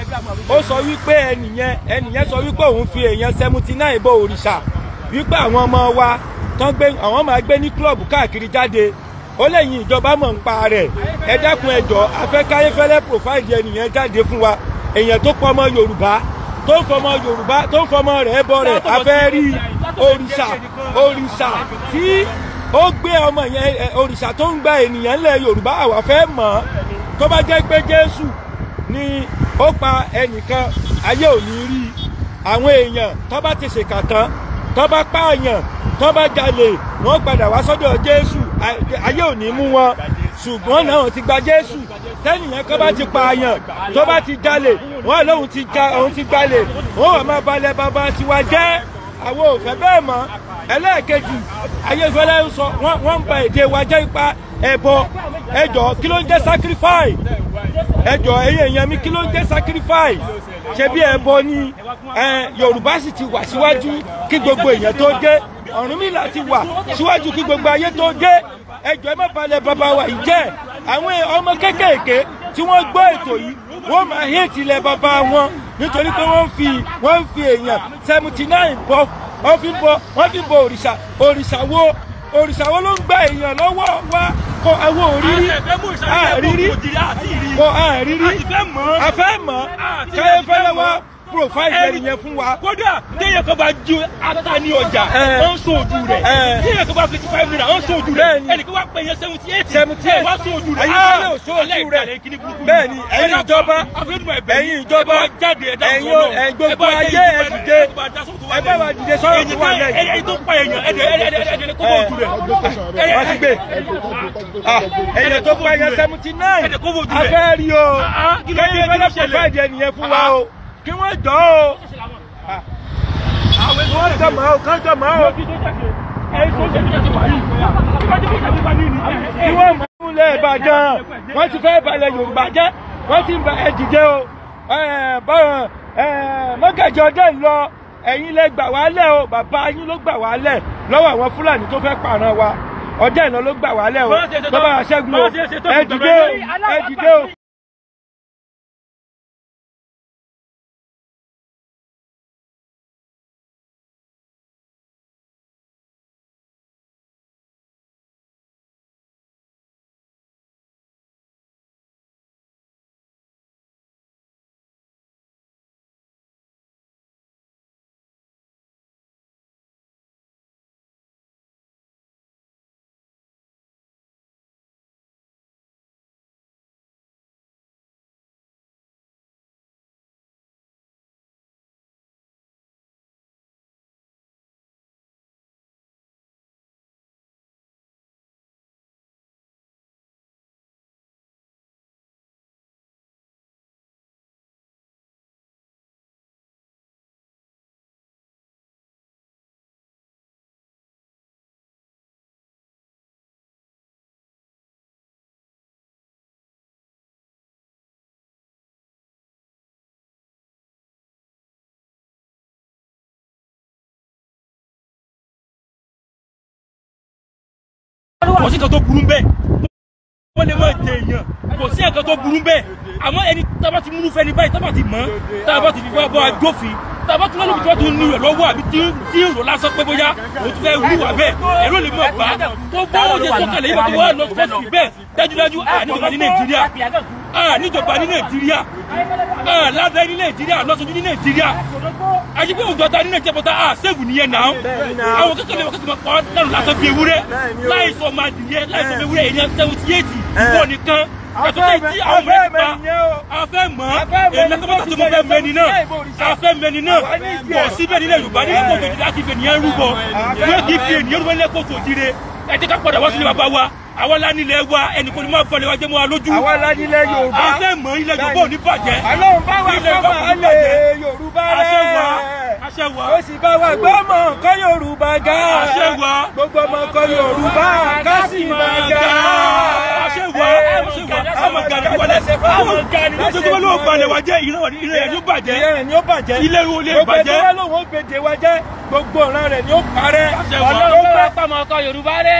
ó sọ wípé ẹnìyẹn ẹnìyẹn sọ wípé òun fi èèyàn seventy nine bọ òrìṣà wípé àwọn ọmọ wa tán gbé àwọn máa gbé ní club káàkiri jáde ó lẹ́yìn ìjọba mọ̀ ń pa rẹ̀ ẹ dákun ẹjọ́ afẹ́káyéfẹ́lẹ́ profile ẹnìyẹn jáde fún wa èèyàn tó pọ̀ ọmọ Yorùbá tó ń fọmọ Yorùbá tó ń fọmọ rẹ̀ bọ̀ rẹ̀ afẹ́ rí òrìṣà òrìṣà tí ó gbé ọmọ yẹn òrìṣà tó ń gba ènìyàn lẹ̀ yorùbá àwa fẹ́ mọ̀ ọ́ tó bá jẹ́ pé jésù ni ó pa ẹnìkan ayé ò rí àwọn èèyàn tó bá ti ṣèkà tán tó bá pààyàn tó bá jalè wọ́n padà wá sọ́dọ̀ jésù ayé ò mú wọn ṣùgbọ́n náà ti gba jésù tẹ́nìyàn kan bá ti pààyàn tó bá ti jalè wọ́n lóun ti jalè wọ́n wà máa balẹ̀ bàbá tiwa jẹ́ àwọn ò fẹ́ bẹ́ẹ̀ mọ́ ẹlẹ́ẹ̀kejì ayéfẹ́lẹ́ ń sọ wọ́n ń ba èdè wa jẹ́ ipa ẹbọ ẹjọ́ kí ló ń jẹ́ sacrifice ẹjọ́ ẹ̀yìn èèyàn mi kí ló ń jẹ́ sacrifice ṣebí ẹbọ ni Yorùbá sì ti wà síwájú kí gbogbo èèyàn tó dé Ọ̀rúnmìlà ti wà síwájú kí gbogbo ayé tó dé ẹjọ́ ẹ má balẹ̀ bàbá wa yìí jẹ́ àwọn ọmọ kéékèèké tí wọ́n gbọ́ ètò yìí wọ́n máa hẹ́ẹ̀tì ilẹ̀ bàbá wọn nítorí pé wọ́n fi wọ́n fi èèyàn seventy nine bọ wọ́n fi bọ wọ́n fi bọ òrìṣà òrìṣà wo òrìṣà wo ló ń gba èèyàn lọ́wọ́ wa kò àwọn òrírí àrírí kò àrírí àfẹ́ mọ́ káyé fẹ́lẹ́ wá provide ẹni yẹn fún wa. kódà téèyàn kan bá ju ata ní ọjà ó ń sọ ojú rẹ̀ téèyàn kan bá fifty five naira ó ń sọ ojú rẹ̀ ẹnì kan wá pè yẹn seventy eight ẹ wá sọ ojú rẹ̀ ayélujára ah, ò sọ ojú rẹ̀ bẹ́ẹ̀ni ẹ̀yin ìjọba ẹ̀yin ìjọba ẹ̀yin gbogbo ayé ẹ dìde ẹ bá wa dìde sọ̀rọ̀ tó wà lẹ́yìn. ẹ̀yin tó pa èèyàn ẹ̀dẹ̀ ẹ̀dẹ̀ ẹ̀dẹ̀ kó bọ̀ ojú rẹ̀. wọ́n ti gbé ẹ̀yẹ tó pa èèyàn seventy nine afẹ́ rí o ah, ah, kẹ́yìn fẹ́lẹ́ provide ẹnìyẹn fún wa o kí wọ́n jọ o àwọn ènìyàn jọ mọ́ o kán jọ mọ́ o kí wọ́n mọ̀ ọ́n lẹ́ bà gan wọ́n ti fẹ́ balẹ̀ Yorùbá jẹ́ wọ́n ti ń ba ẹ̀dìjẹ́ o bọ́ọ̀ mọ́gàjọ ọjọ́ ń lọ ẹ̀yin lẹ gbà wá lẹ̀ o bàbá yín ló gbà wá o lọ́wọ́ àwọn Fúlàní tó fẹ́ pààràn wa ọjọ́ ìná ló gbà wá lẹ̀ o bàbá àṣẹ́gun o ẹ dìde o ẹ dìde o. kò sí nǹkan tó burú bẹ́ẹ̀ wọ́n lè máa jẹ èèyàn kò sí nǹkan tó burú bẹ́ẹ̀ àmọ́ ẹni tá a bá ti múlú fẹ́ni báyìí tá a bá ti mọ̀ tá a bá ti fi fẹ́ bọ́ ajófin tá a bá ti wọ́n níbi tí wọ́n ti ní rẹ̀ lọ́wọ́ àbí tí ń rò lásán pé bóyá òun ti fẹ́ wúwà bẹ́ẹ̀ ẹ̀rọ lè mọ̀ bá tó bọ́ òye tó kẹlẹ̀ yìí bá tó wọ́n lọ fẹ́ẹ́ sì bẹ́ẹ̀ dájúdájú àní òkàdí Nàìjíríà a níjọba ní nàìjíríà a ládàá ní nàìjíríà lọ́sọ̀dún ní nàìjíríà àyíkú òjọta ní nàìjíríà bọ́tà a sẹ́gun nìyẹn náà àwọn kékeré wọn kékeré wọn lẹ́nu lásán bíi ewúrẹ́ láìsọ máa dìyẹ láìsọ bíi ewúrẹ́ èèyàn seventy eight ìwọ nìkan yàtọ̀ sí ti àwọn ọmọ ẹ̀ ti pa a fẹ́ mọ̀ èyí lẹ́kọ̀ọ́ tó mọ̀ fẹ́ mẹ́ni náà a fẹ́ mẹ́ni náà bọ̀ síbẹ̀ nílẹ̀ yorùbá nílẹ̀ kótó ẹ jẹ́ ká padà wá sílé bàbá wa àwa lánilẹ̀ wa ẹnì kò ní máa fọlẹ̀ wa jẹ́ mọ́ wa lójú. àwa lánilẹ̀ yorùbá àṣẹ mọ̀ ilẹ̀ yorùbá ò ní bàjẹ́. àlọ́ bá wa gbọ́mọ̀ alẹ́ yorùbá rẹ̀. àṣẹ wa àṣẹ wa. ó sì bá wa gbọ́mọ̀ nǹkan yorùbá ga. àṣẹ wa. gbogbo ọmọ nǹkan yorùbá ká sì máa ga. àṣẹ wa àṣẹ wa àmọ̀ gàdí wọlé. àmọ̀ gàdí wọlé. gbogbo ló balẹ̀ wa jẹ́ ilé rẹ̀ ni ó bàjẹ́. ilé rẹ̀ ni ó bàjẹ́. ilé rẹ̀ ni ó bàjẹ́. gbogbo ọ̀ràn rẹ̀ ni ó parẹ́. ọlọ́run bá pamọ́ ọkọ yorùbá rẹ̀.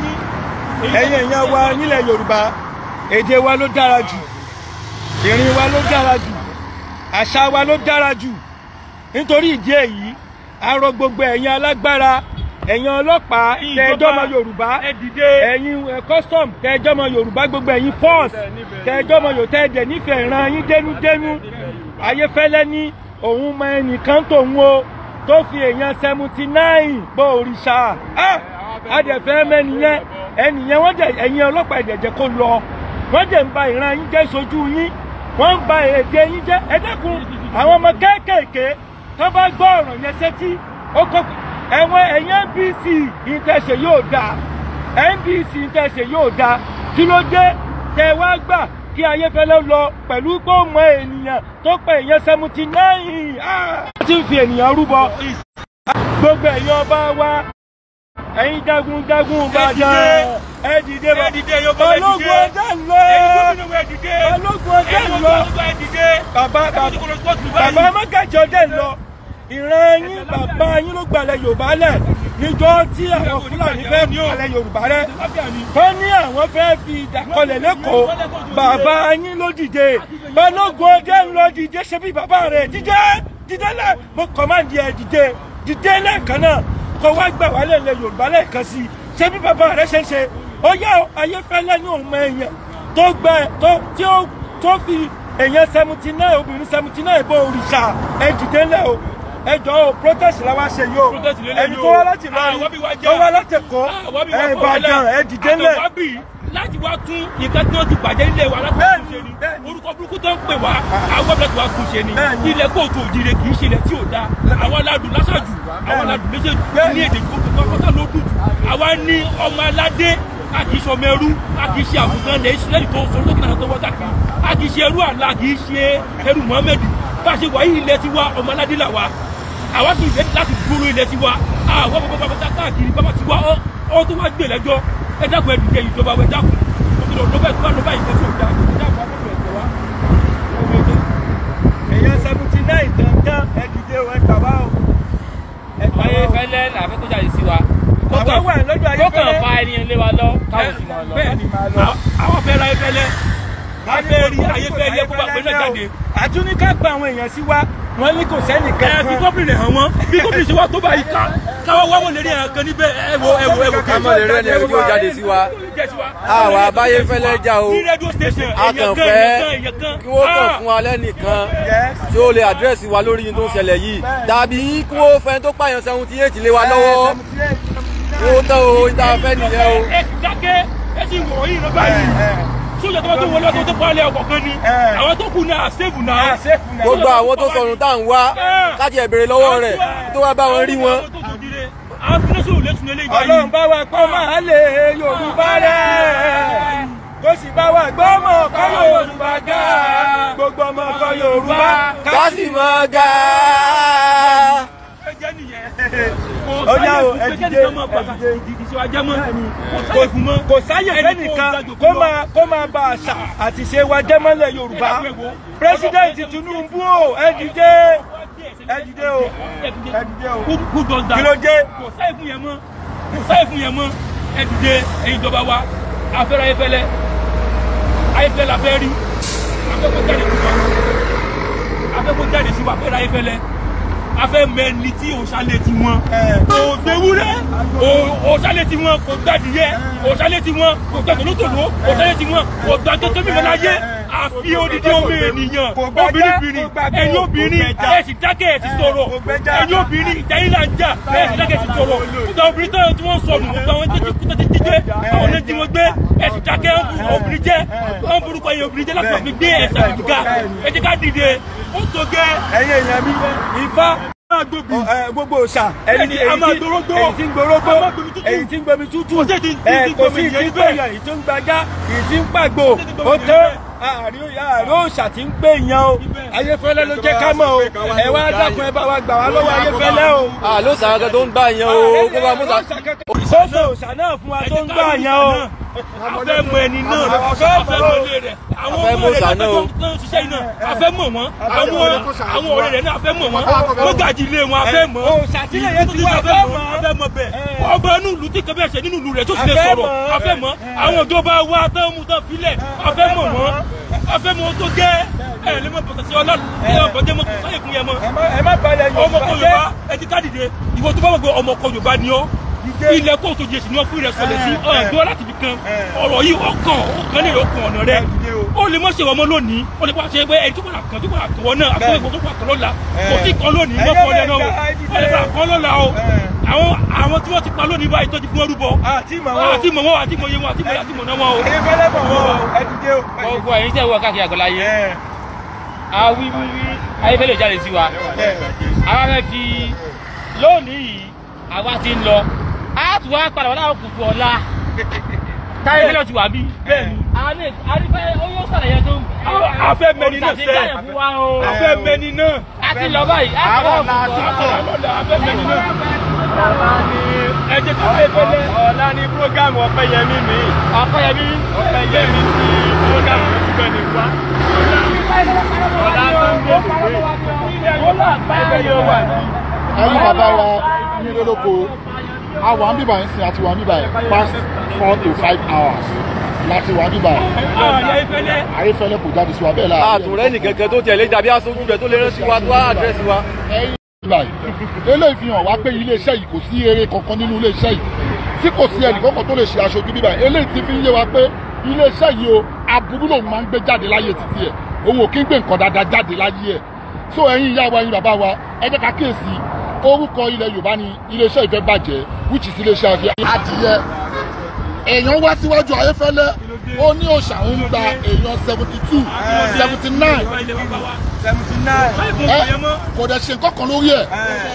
ẹ̀yin èèyàn wa nílẹ̀ yorùbá èdè wa ló dára jù ìrìn wa ló dára jù àṣà wa ló dára jù nítorí ìdí èyí arọ gbogbo ẹ̀yin alágbára ẹ̀yin ọlọ́pàá tẹ̀ẹ́jọ́mọ yorùbá ẹ̀yin custom tẹ̀ẹ́jọ́mọ yorùbá gbogbo ẹ̀yin force tẹ̀ẹ́jọ́mọ yorùbá tẹ̀ẹ́dẹ̀ nífẹ̀ẹ́ ran yín dénúdénú ayéfẹ́lẹ́ ní òun mọ ẹnìkan tòun o tó fi èèyàn seventy nine bọ òrìṣà á ah! dẹ̀ fẹ́ mẹ́niyẹn ẹnìyẹn wọ́n dẹ̀ ẹ̀yin ọlọ́pàá ìdẹ̀jẹ̀ kó lọ wọ́n dẹ̀ ń ba ìran yín jẹ́ sojú yín wọ́n ń ba èdè yín jẹ́ ẹ dẹ́kun àwọn ọmọ kéékèèké tó bá gbọ́ ọ̀rọ̀ yẹn sétí ó kọ́ ẹ̀wọ̀n ẹ̀yin NBC ìtẹ̀sẹ̀ yóò dáa NBC ìtẹ̀sẹ̀ yóò dáa kí ló dé tẹ wá gbà kí Ayéfẹ́lẹ́ lọ pẹ̀lú gbọ́mọ ènìyàn tó pẹ̀ èèyàn seventy nine. Ah! wọ́n ti ń fi ènìyàn rúbọ gbogbo ẹ̀yin ọba wa ẹ̀yin jagunjagun Ìbàdàn ẹ dìde ẹ dìde Yorùbá ẹ dìde balógun ẹjẹ ń lọ balógun ẹjẹ ń lọ bàbá bàbá mọ́kàjọ́ dẹ̀ ń lọ ìran yín bàbá yín ló gbalẹ̀ Yorùbá lẹ̀ níjọ́ tí àwọn Fúlàní fẹ́ gbalẹ̀ Yorùbá rẹ̀ tó ní àwọn fẹ́ fi ìdàkọlẹ̀ lẹ́kọ̀ọ́ bàbá yín ló dìde balógun ẹjẹ ń lọ dìde ṣe bí bàbá rẹ̀ dìde dìde lẹ̀ mo kọ̀ máa ń di ẹ̀ dìde dìde lẹ́ẹ̀kan náà kó wá gbà wá lẹ́lẹ̀ yorùbá lẹ́ẹ̀kan sí i ṣé bí bàbá rẹ̀ ṣe ń ṣe ó yá ayéfẹ́lẹ́ ní òun mọ èèyàn tó gbẹ tí ó tó fi èèyàn seventy nine obìnrin seventy nine bó òrìṣà ẹ dìde ńlẹ̀ o ẹ jọ̀ọ́ protest la wá ṣe yìí o ẹni tó wá láti lọ rí ah, tó wá láti kọ ẹ ah, Ìbàdàn ẹ dìde ńlẹ̀ láti wá tún nǹkan tí wọ́n ti bàjẹ́ nílé wa látọ̀ ṣe ni orúkọ burúkú tó ń pè wá àwọn ọ̀bẹ tí wàá tún ṣe ni ilẹ̀ kóòtù òjìire kì í ṣe ilẹ̀ tí ò dáa àwọn aládùn lásàjù àwọn aládùn méjèèjì ní èdè kókò kọ́kọ́ ló dùn jù àwa ní ọmọ aládé a kì í ṣe ẹrú a kì í ṣe àgùntàn ilẹ̀ ìṣúlẹ̀lì tó sọ lókè náà tó wọ́n káàkiri a kì í ṣe ẹrú àlà a kì í ṣe ẹrú Muhammed bá a ṣe wáyé ilẹ̀ tiwa ọmọ aládé là wa àwa sì ń fẹ́ láti dúró ilẹ̀ tiwa àwọn bàbá bàbá káàkiri bàbá tiwa ọ́ tó wá gbé lẹ́jọ́ ẹ dákun ìjọba ẹ dákun òkè lọ lọ́bẹ̀ tó wà yìí kẹ́sì òkè ẹ dákun akọ́kọ́ wa èèyàn seventy nine dandan ẹ dìde o ẹ gbà wá o. ayé fẹlẹ làbẹ tó jáde sí wa kókàn fa ẹni lé wa lọ káwọn sì máa lọ. bẹ́ẹ̀ni àwọn fẹlẹ ayé fẹlẹ afẹ́ rí ayé fẹ́ rí ẹkú bàbá náà jáde. àtúní ká gba àwọn èèyàn sí wa wọn ní kò sẹ́ni kan. ẹ fi gómìnà rẹ̀ hàn wọ́n bí gómìnà ṣe wá tó báyìí ká káwọ́ wá wọn lè rí ẹ̀kan níbẹ̀ ẹ wo ẹ wo ẹ wo kí. àmọ́ lè rí ẹni ẹni yóò jáde sí wa àwa abáyé fẹ́lẹ́ já o a kàn fẹ́ kí wọ́n kàn ah! fún wa lẹ́nìkan tí ó lè àdírẹ́sì wa lórí yín tó ń ṣẹlẹ̀ yìí tàbí kí wọ́n fẹ́ tó pààyàn seventy eight lé wa lọ́wọ́ kí eh, wọ́n tán o ìta fẹ́ nìyẹn o. ẹ ti dákẹ́ ẹ ti wọ̀ yìí lọ báyìí. Eh, eh sójà tó bá tó wọlé eh. eh, gbogbo àwọn tó sọnù tá à ń wá káàkiri eh. ẹ̀bẹ̀rẹ̀ lọ́wọ́ rẹ̀ tó wá bá wọn rí wọn. ọlọ́run bá wa pọ́ máa lè yorùbá rẹ̀ kó sì bá wa gbọ́ mọ̀ ọkọ yorùbá ga gbogbo ọmọ ọkọ yorùbá ká sì mọ̀ ga. ẹ jẹ́ nìyẹn ó yá o ẹdìdé ẹdìdé kò sáyè fẹ́nìkan kó máa kó máa ba àṣà àti ṣe wa jẹ́mọ́lẹ̀ Yorùbá pírẹsidẹ́ǹtì Tinubu o ẹdìdé ẹdìdé o ẹdìdé o kí ló dé. kò sáyè fún yẹn mọ́ kò sáyè fún yẹn mọ́ ẹdìdé ẹ̀yin ìjọba wa afẹ́rẹ́ ayẹfẹ́lẹ́ ayẹfẹ́lẹ́ la fẹ́ rí afẹ́kọ̀ọ́ jáde sí wa afẹ́kọ̀ọ́ jáde sí wa afẹ́rẹ́ ayẹfẹ́lẹ́ a fẹ́ mẹ́ni tí òṣàlẹ̀ ti wọn kò gbẹ̀wúrẹ́ òṣàlẹ̀ ti wọn kò gbàdìyẹ òṣàlẹ̀ ti wọn kò gbàdòlótòló òṣàlẹ̀ ti wọn kò gbàdótómìnira láyé àfi odidi omi ènìyàn obìnrin ẹ̀yin obìnrin ẹ sì dákẹ́ ẹ sì sọ̀rọ̀ ẹ̀yin obìnrin ìdáyìnlá ń jà ẹ sì dákẹ́ ẹ sì sọ̀rọ̀ nígbà obìnrin táwọn tí wọ́n sọnù nígbà wọn jẹ́jú kúta ti jíjẹ́ àwọn náà jí wọn gbé ẹ sì dákẹ́ obìnrin jẹ́ wọn burúkú ẹ̀yin obìnrin jẹ́ lápapọ̀ gbé ẹ̀ sàgbéga ẹ jẹ́ ká dìde ó tó gẹ́ ẹ̀yin èèyàn mi Ifá gbogbo ṣà èyí tí èyí tí ń gbòrógbó èyí tí ń gbomi tútù kò sí ìtí ń gbòyàn ìtí ń gbajá ìtí ń pàgbò ó tó ààrẹ òòṣà tí ń gbé yan o ayéfẹ́lẹ́ ló jẹ́ ká mọ̀ o ẹ wá dákun ẹ bá wa gbà wá lọ́wọ́ ayéfẹ́lẹ́ o. àlóòṣà kankan tó ń gbà yan o kó bá mú sa. ìṣòṣò òòṣà náà fún wa tó ń gbà yan o. afẹ́mọ ẹni náà afẹ́mọ ilé rẹ̀ àwọn ọmọ rẹ̀ náà tó ń ṣiṣẹ́ iná afẹ́mọ wọn àwọn ọ̀rẹ́ rẹ̀ náà afẹ́mọ wọn mọ́gàjì ilé wọn afẹ́mọ afẹ́mọ ọba inú ìlú tí kẹfẹ́ ṣe nínú ìlú rẹ̀ tó sì lè sọ̀rọ̀ afẹ́mọ àwọn ìjọba wa tán mú tán filẹ̀ afẹ́mọ wọn ọfẹ mọ tó gẹ ẹ lè mọ pàtàkì ọlọ́run ẹ yọ bọjẹ mọ sáyẹ fún yẹ mọ ọmọ kọ m'a ẹ ti ká dìde ìwọ tó bá wọ pé ọmọ kọ yorùbá ni ọ ilẹ̀ kóòtù jèsì ni wọ́n fún ìrẹsọ̀ lẹ̀ sí eh, ọ̀dọ́ láti fi kan eh, eh. ọ̀rọ̀ yìí ọkàn ọkàn lè ọkàn ọ̀nà rẹ̀ ó lè mọ̀ ṣe ọmọ lónìí ó lè pàṣẹ pé ẹni tó padà kàn tó padà kàn wọ́n náà àbúrò ìgbò tó padà kàn lọ́la kò sí kan lónìí mọ́ fún ọ̀lẹ́ náà o ó lè padà kàn lọ́la o àwọn àwọn tí wọ́n ti pa lónìí báyìí tó ti fún ọrúbọ ah, àti mọ̀ wọn ah, àti mọ̀ yẹn wọn àti mọ̀ àti mọ̀ náà wọn o. ẹ̀yin fẹ́lẹ́ bọ̀ wọ́n ẹ̀dùnjẹ́ o. ọgbọ ẹ̀yin tẹ́ wọ káàkiri àgọ́lá yé awíwíwí ayéfẹ́lẹ́ jáde sí wa àwa fẹ́ fi lónìí yìí àwa ti ń lọ a tún wá padà wọ́n láwọn kò fún ọ̀la (laughs) táyé mílíọ̀nù ti wà bí. bẹ́ẹ̀ni àrífẹ́ oyún sàlàyé tó ń bọ̀. a fẹ́ mẹni náà sẹ́ a fẹ́ mẹni náà. a ti lọ báyìí a ti lọ bọ̀ a fẹ́ mẹni náà. ẹ jẹ́ tó fẹ́ fẹ́lẹ́. ọ̀la ni programu ọ̀pẹ̀yẹmí mi. ọ̀pẹ̀yẹmí. ọ̀pẹ̀yẹmí ti programu ìgbẹ́ ni wá. ọ̀la tó ń gbé ìwé. ọ̀la bá yẹ wà ní. ẹ̀yin bàbá wa ní lólóko a wà ń bíbà ń sin àti wà ń past four to five hours láti wà ń bíbà yẹn. Ah, àrífẹ́lẹ́ kò jáde sí wa bẹ́ẹ̀ la. àtúrẹ́ nìkankan tó tẹ̀lé dàbí aṣojú rẹ̀ tó lè rántí wa tó àdírẹ́sì wa. eléyìí fi hàn wá pé iléeṣẹ́ yìí kò sí eré kankan nínú iléeṣẹ́ yìí tí kò sí ẹnìkankan tó lè ṣe aṣojú bíbà eléyìí ti fi ń yé wa pé iléeṣẹ́ yìí o aburú lòun máa ń gbé jáde láyé títí ẹ̀ òun ò kí ń gbé nǹkan dáadáa jáde láyé ẹ̀ so ẹ̀yin ìyá wa ẹ̀yin bàbá wa ẹ jẹ́ ká kíyèsí orúkọ ilẹ̀ yorùbá ni iléeṣẹ́ ìfẹ́ bàjẹ́ which is iléeṣẹ́ àfihàn. adìyẹ èèyàn wá síwájú ayéfẹ́lẹ́ ó ní òòṣà ń gba èèyàn seventy two seventy nine kò dẹ̀ ṣe nǹkan kan lórí ẹ̀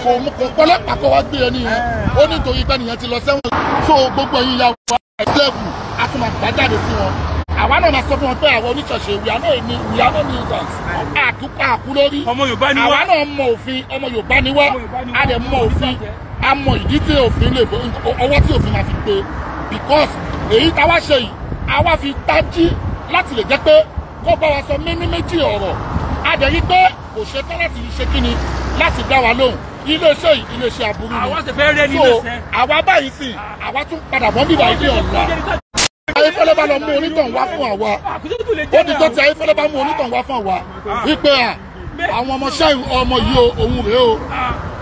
kò mú kò pọ́lẹ́ pàkó wá gbé ẹni yẹn ó nítorí pé nìyẹn ti lọ sẹ́wọ̀n so gbogbo ẹ̀yin ya wà ẹ̀ sílẹ̀kù a tún máa gbá jáde sí wọn àwa náà máa sọ fún wọn pé àwọn oníṣọ̀ṣe ìyànà èmi ìyànà mi ìtàn àtúpà àkú lórí àwa náà mọ òfin ọmọ Yorùbá ni wá a lè mọ òfin a mọ ìdí tí òfin lè ọwọ́ tí òfin máa fi pe because èyí táwa ṣe yìí àwa fi tají láti lè jẹ́ pé kó bá wa sọ mímí méjì ọ̀rọ̀ a dẹ̀ rí pé kò ṣe tán láti ṣe kí ni láti dá wa lóhùn iléeṣẹ́ yìí iléeṣẹ́ aburú ni so àwa báyìí sì àwa tún padà bọ́ nígbà ayéfẹ́lẹ́ bá lọ mú onítàn wá fún àwa ó di tó ti ayéfẹ́lẹ́ bá mú onítàn wá fún àwa wípé à àwọn ọmọọṣẹ́ ọmọ yìí o òun rèé o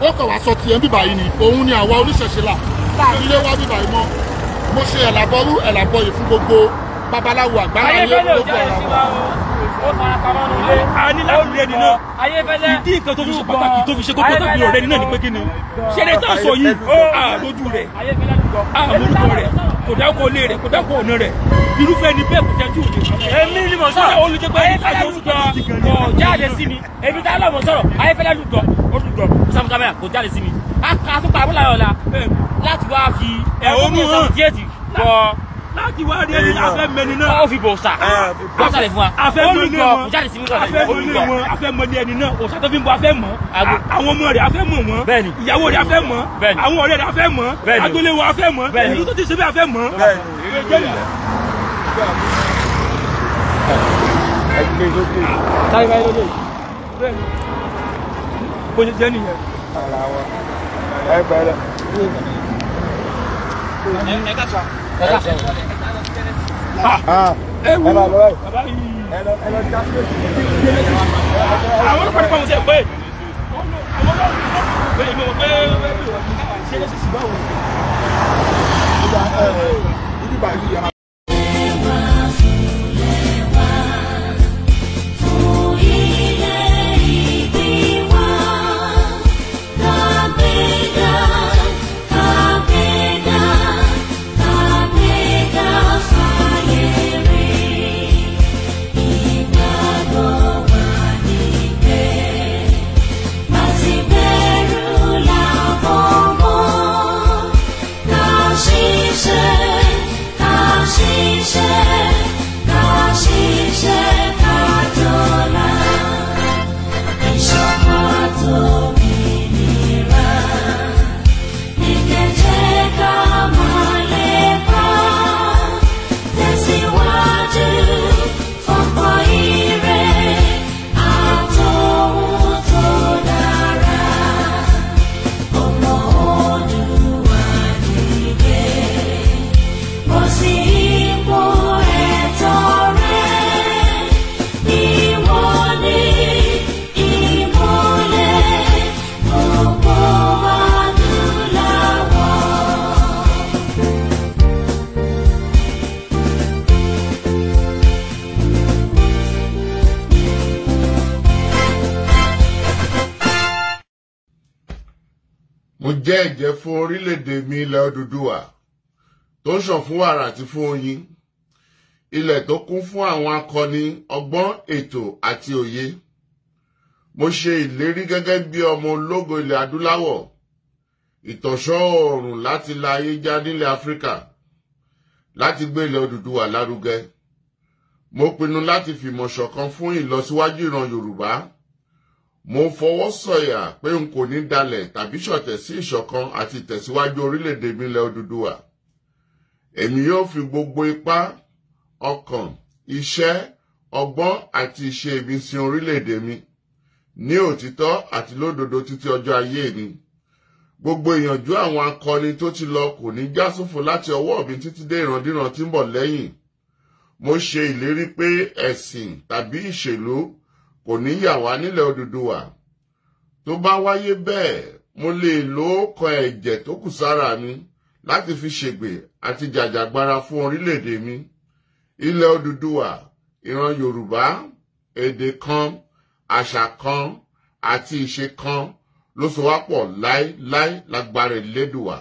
ó kàn wá sọ tiẹ̀ bíbà yìí ni òun ni àwa oníṣẹ̀ṣe là láàrin ilé wá bíbà yìí mọ́ mo ṣe ẹ̀làbọ́rú ẹ̀làbọ̀yè fún gbogbo babaláwo àgbáláyé gbogbo àwọn ó fara pamọ́ nù ilé. a ní láti rẹ nínú ayéfẹ́lẹ́ ìdí nǹkan tó fi ṣe pàtàkì tó fi ṣe kókó tó fi rẹ nínú ni pé kí ni ṣẹlẹ̀ tá a sọ yìí a lójú rẹ a lórúkọ rẹ kò dákọ ilé rẹ kò dákọ ọ̀nà rẹ irúfẹ́ ni bẹ́ẹ̀ kò jẹ́ tí ò lè sọ. èmi ni mo sọ̀rọ̀ olùjẹ́pẹ́ ní ká ló lùdọ̀ kò jáde sí mi èmi tá a lọ́ mo sọ̀rọ̀ ayéfẹ́lẹ́ lùdọ̀ ó lùdọ̀ sàmùsàmù kò jáde sí mi a kà á tún pa àbúlà yọ̀ la láti wá fi ẹ̀rọ mú sàmùtí láti wá rí ẹni afẹ́ mẹni náà. ó fi bò sà ó sàlẹ̀ fún wa ó ní kọ jáde sí mi kọ ó ní kọ. afẹ́ mẹni ẹni náà òṣà tó fi ń bọ afẹ́ mọ́ àwọn ọmọ rẹ̀ afẹ́ mọ̀ wọ́n bẹ́ẹ̀ni ìyàwó rẹ̀ afẹ́ mọ̀ bẹ́ẹ̀ni àwọn ọ̀rẹ́ rẹ̀ afẹ́ mọ̀ bẹ́ẹ̀ni agboolé wọn afẹ́ mọ̀ bẹ́ẹ̀ni ìlú tó ti ṣe bí afẹ́ mọ̀ bẹ́ẹ̀ni. táyì báyìí lóde bẹ́ẹ̀ni bó ṣe jẹ́ ẹ ká sọ ẹ wù bàbá yìí àwọn ọkọ̀ nípa mo ti ẹ̀ pé bẹ́ẹ̀ ni mo pé ṣé ṣe ṣe báwo. jẹ́ fún orílẹ̀-èdè mi ilẹ̀ Odùduwà tó ń ṣàn fún wàrà àti fún oyin ilẹ̀ tó kún fún àwọn akọni ọgbọ́n ètò àti òye mo ṣe ìlérí gẹ́gẹ́ bí ọmọ ológo ilẹ̀ adúláwọ̀ ìtọ̀ṣọ́ oòrùn láti la ayé já nílẹ̀ Áfíríkà láti gbé ilẹ̀ Odùduwà lárugẹ mo pinnu láti fìmọ̀ ṣọ̀kan fún ìlọsíwájú ìran Yorùbá mo fọwọ́ sọ̀yà pé n kò ní dalẹ̀ tàbí ṣọ̀tẹ̀ sí ìṣọ̀kan àti ìtẹ̀síwájú orílẹ̀-èdè mi ilẹ̀ Odùduwà èmi yóò fi gbogbo ipá ọkàn iṣẹ́ ọgbọ́n àti ìṣe mi sin orílẹ̀-èdè mi ní òtítọ́ àti lódodo títí ọjọ́ ayé mi gbogbo ìyànjú àwọn akọni tó ti lọ kò ní já sófo láti ọwọ́ mi títí dé ìrandíran tí ń bọ̀ lẹ́yìn mo ṣe ìlérí pé ẹ̀sìn tàbí ìṣèlú kò ní yà wá nílẹ̀ Odùduwà tó bá wáyé bẹ́ẹ̀ mo lè lo ọkàn ẹ̀jẹ̀ tó kù sára mi láti fi ṣègbè àti jàjàgbara fún orílẹ̀-èdè mi ilẹ̀ Odùduwà ìran Yorùbá èdè kan àṣà kan àti ìṣe kan ló so wá pọ̀ láéláé lágbára Elédùwà.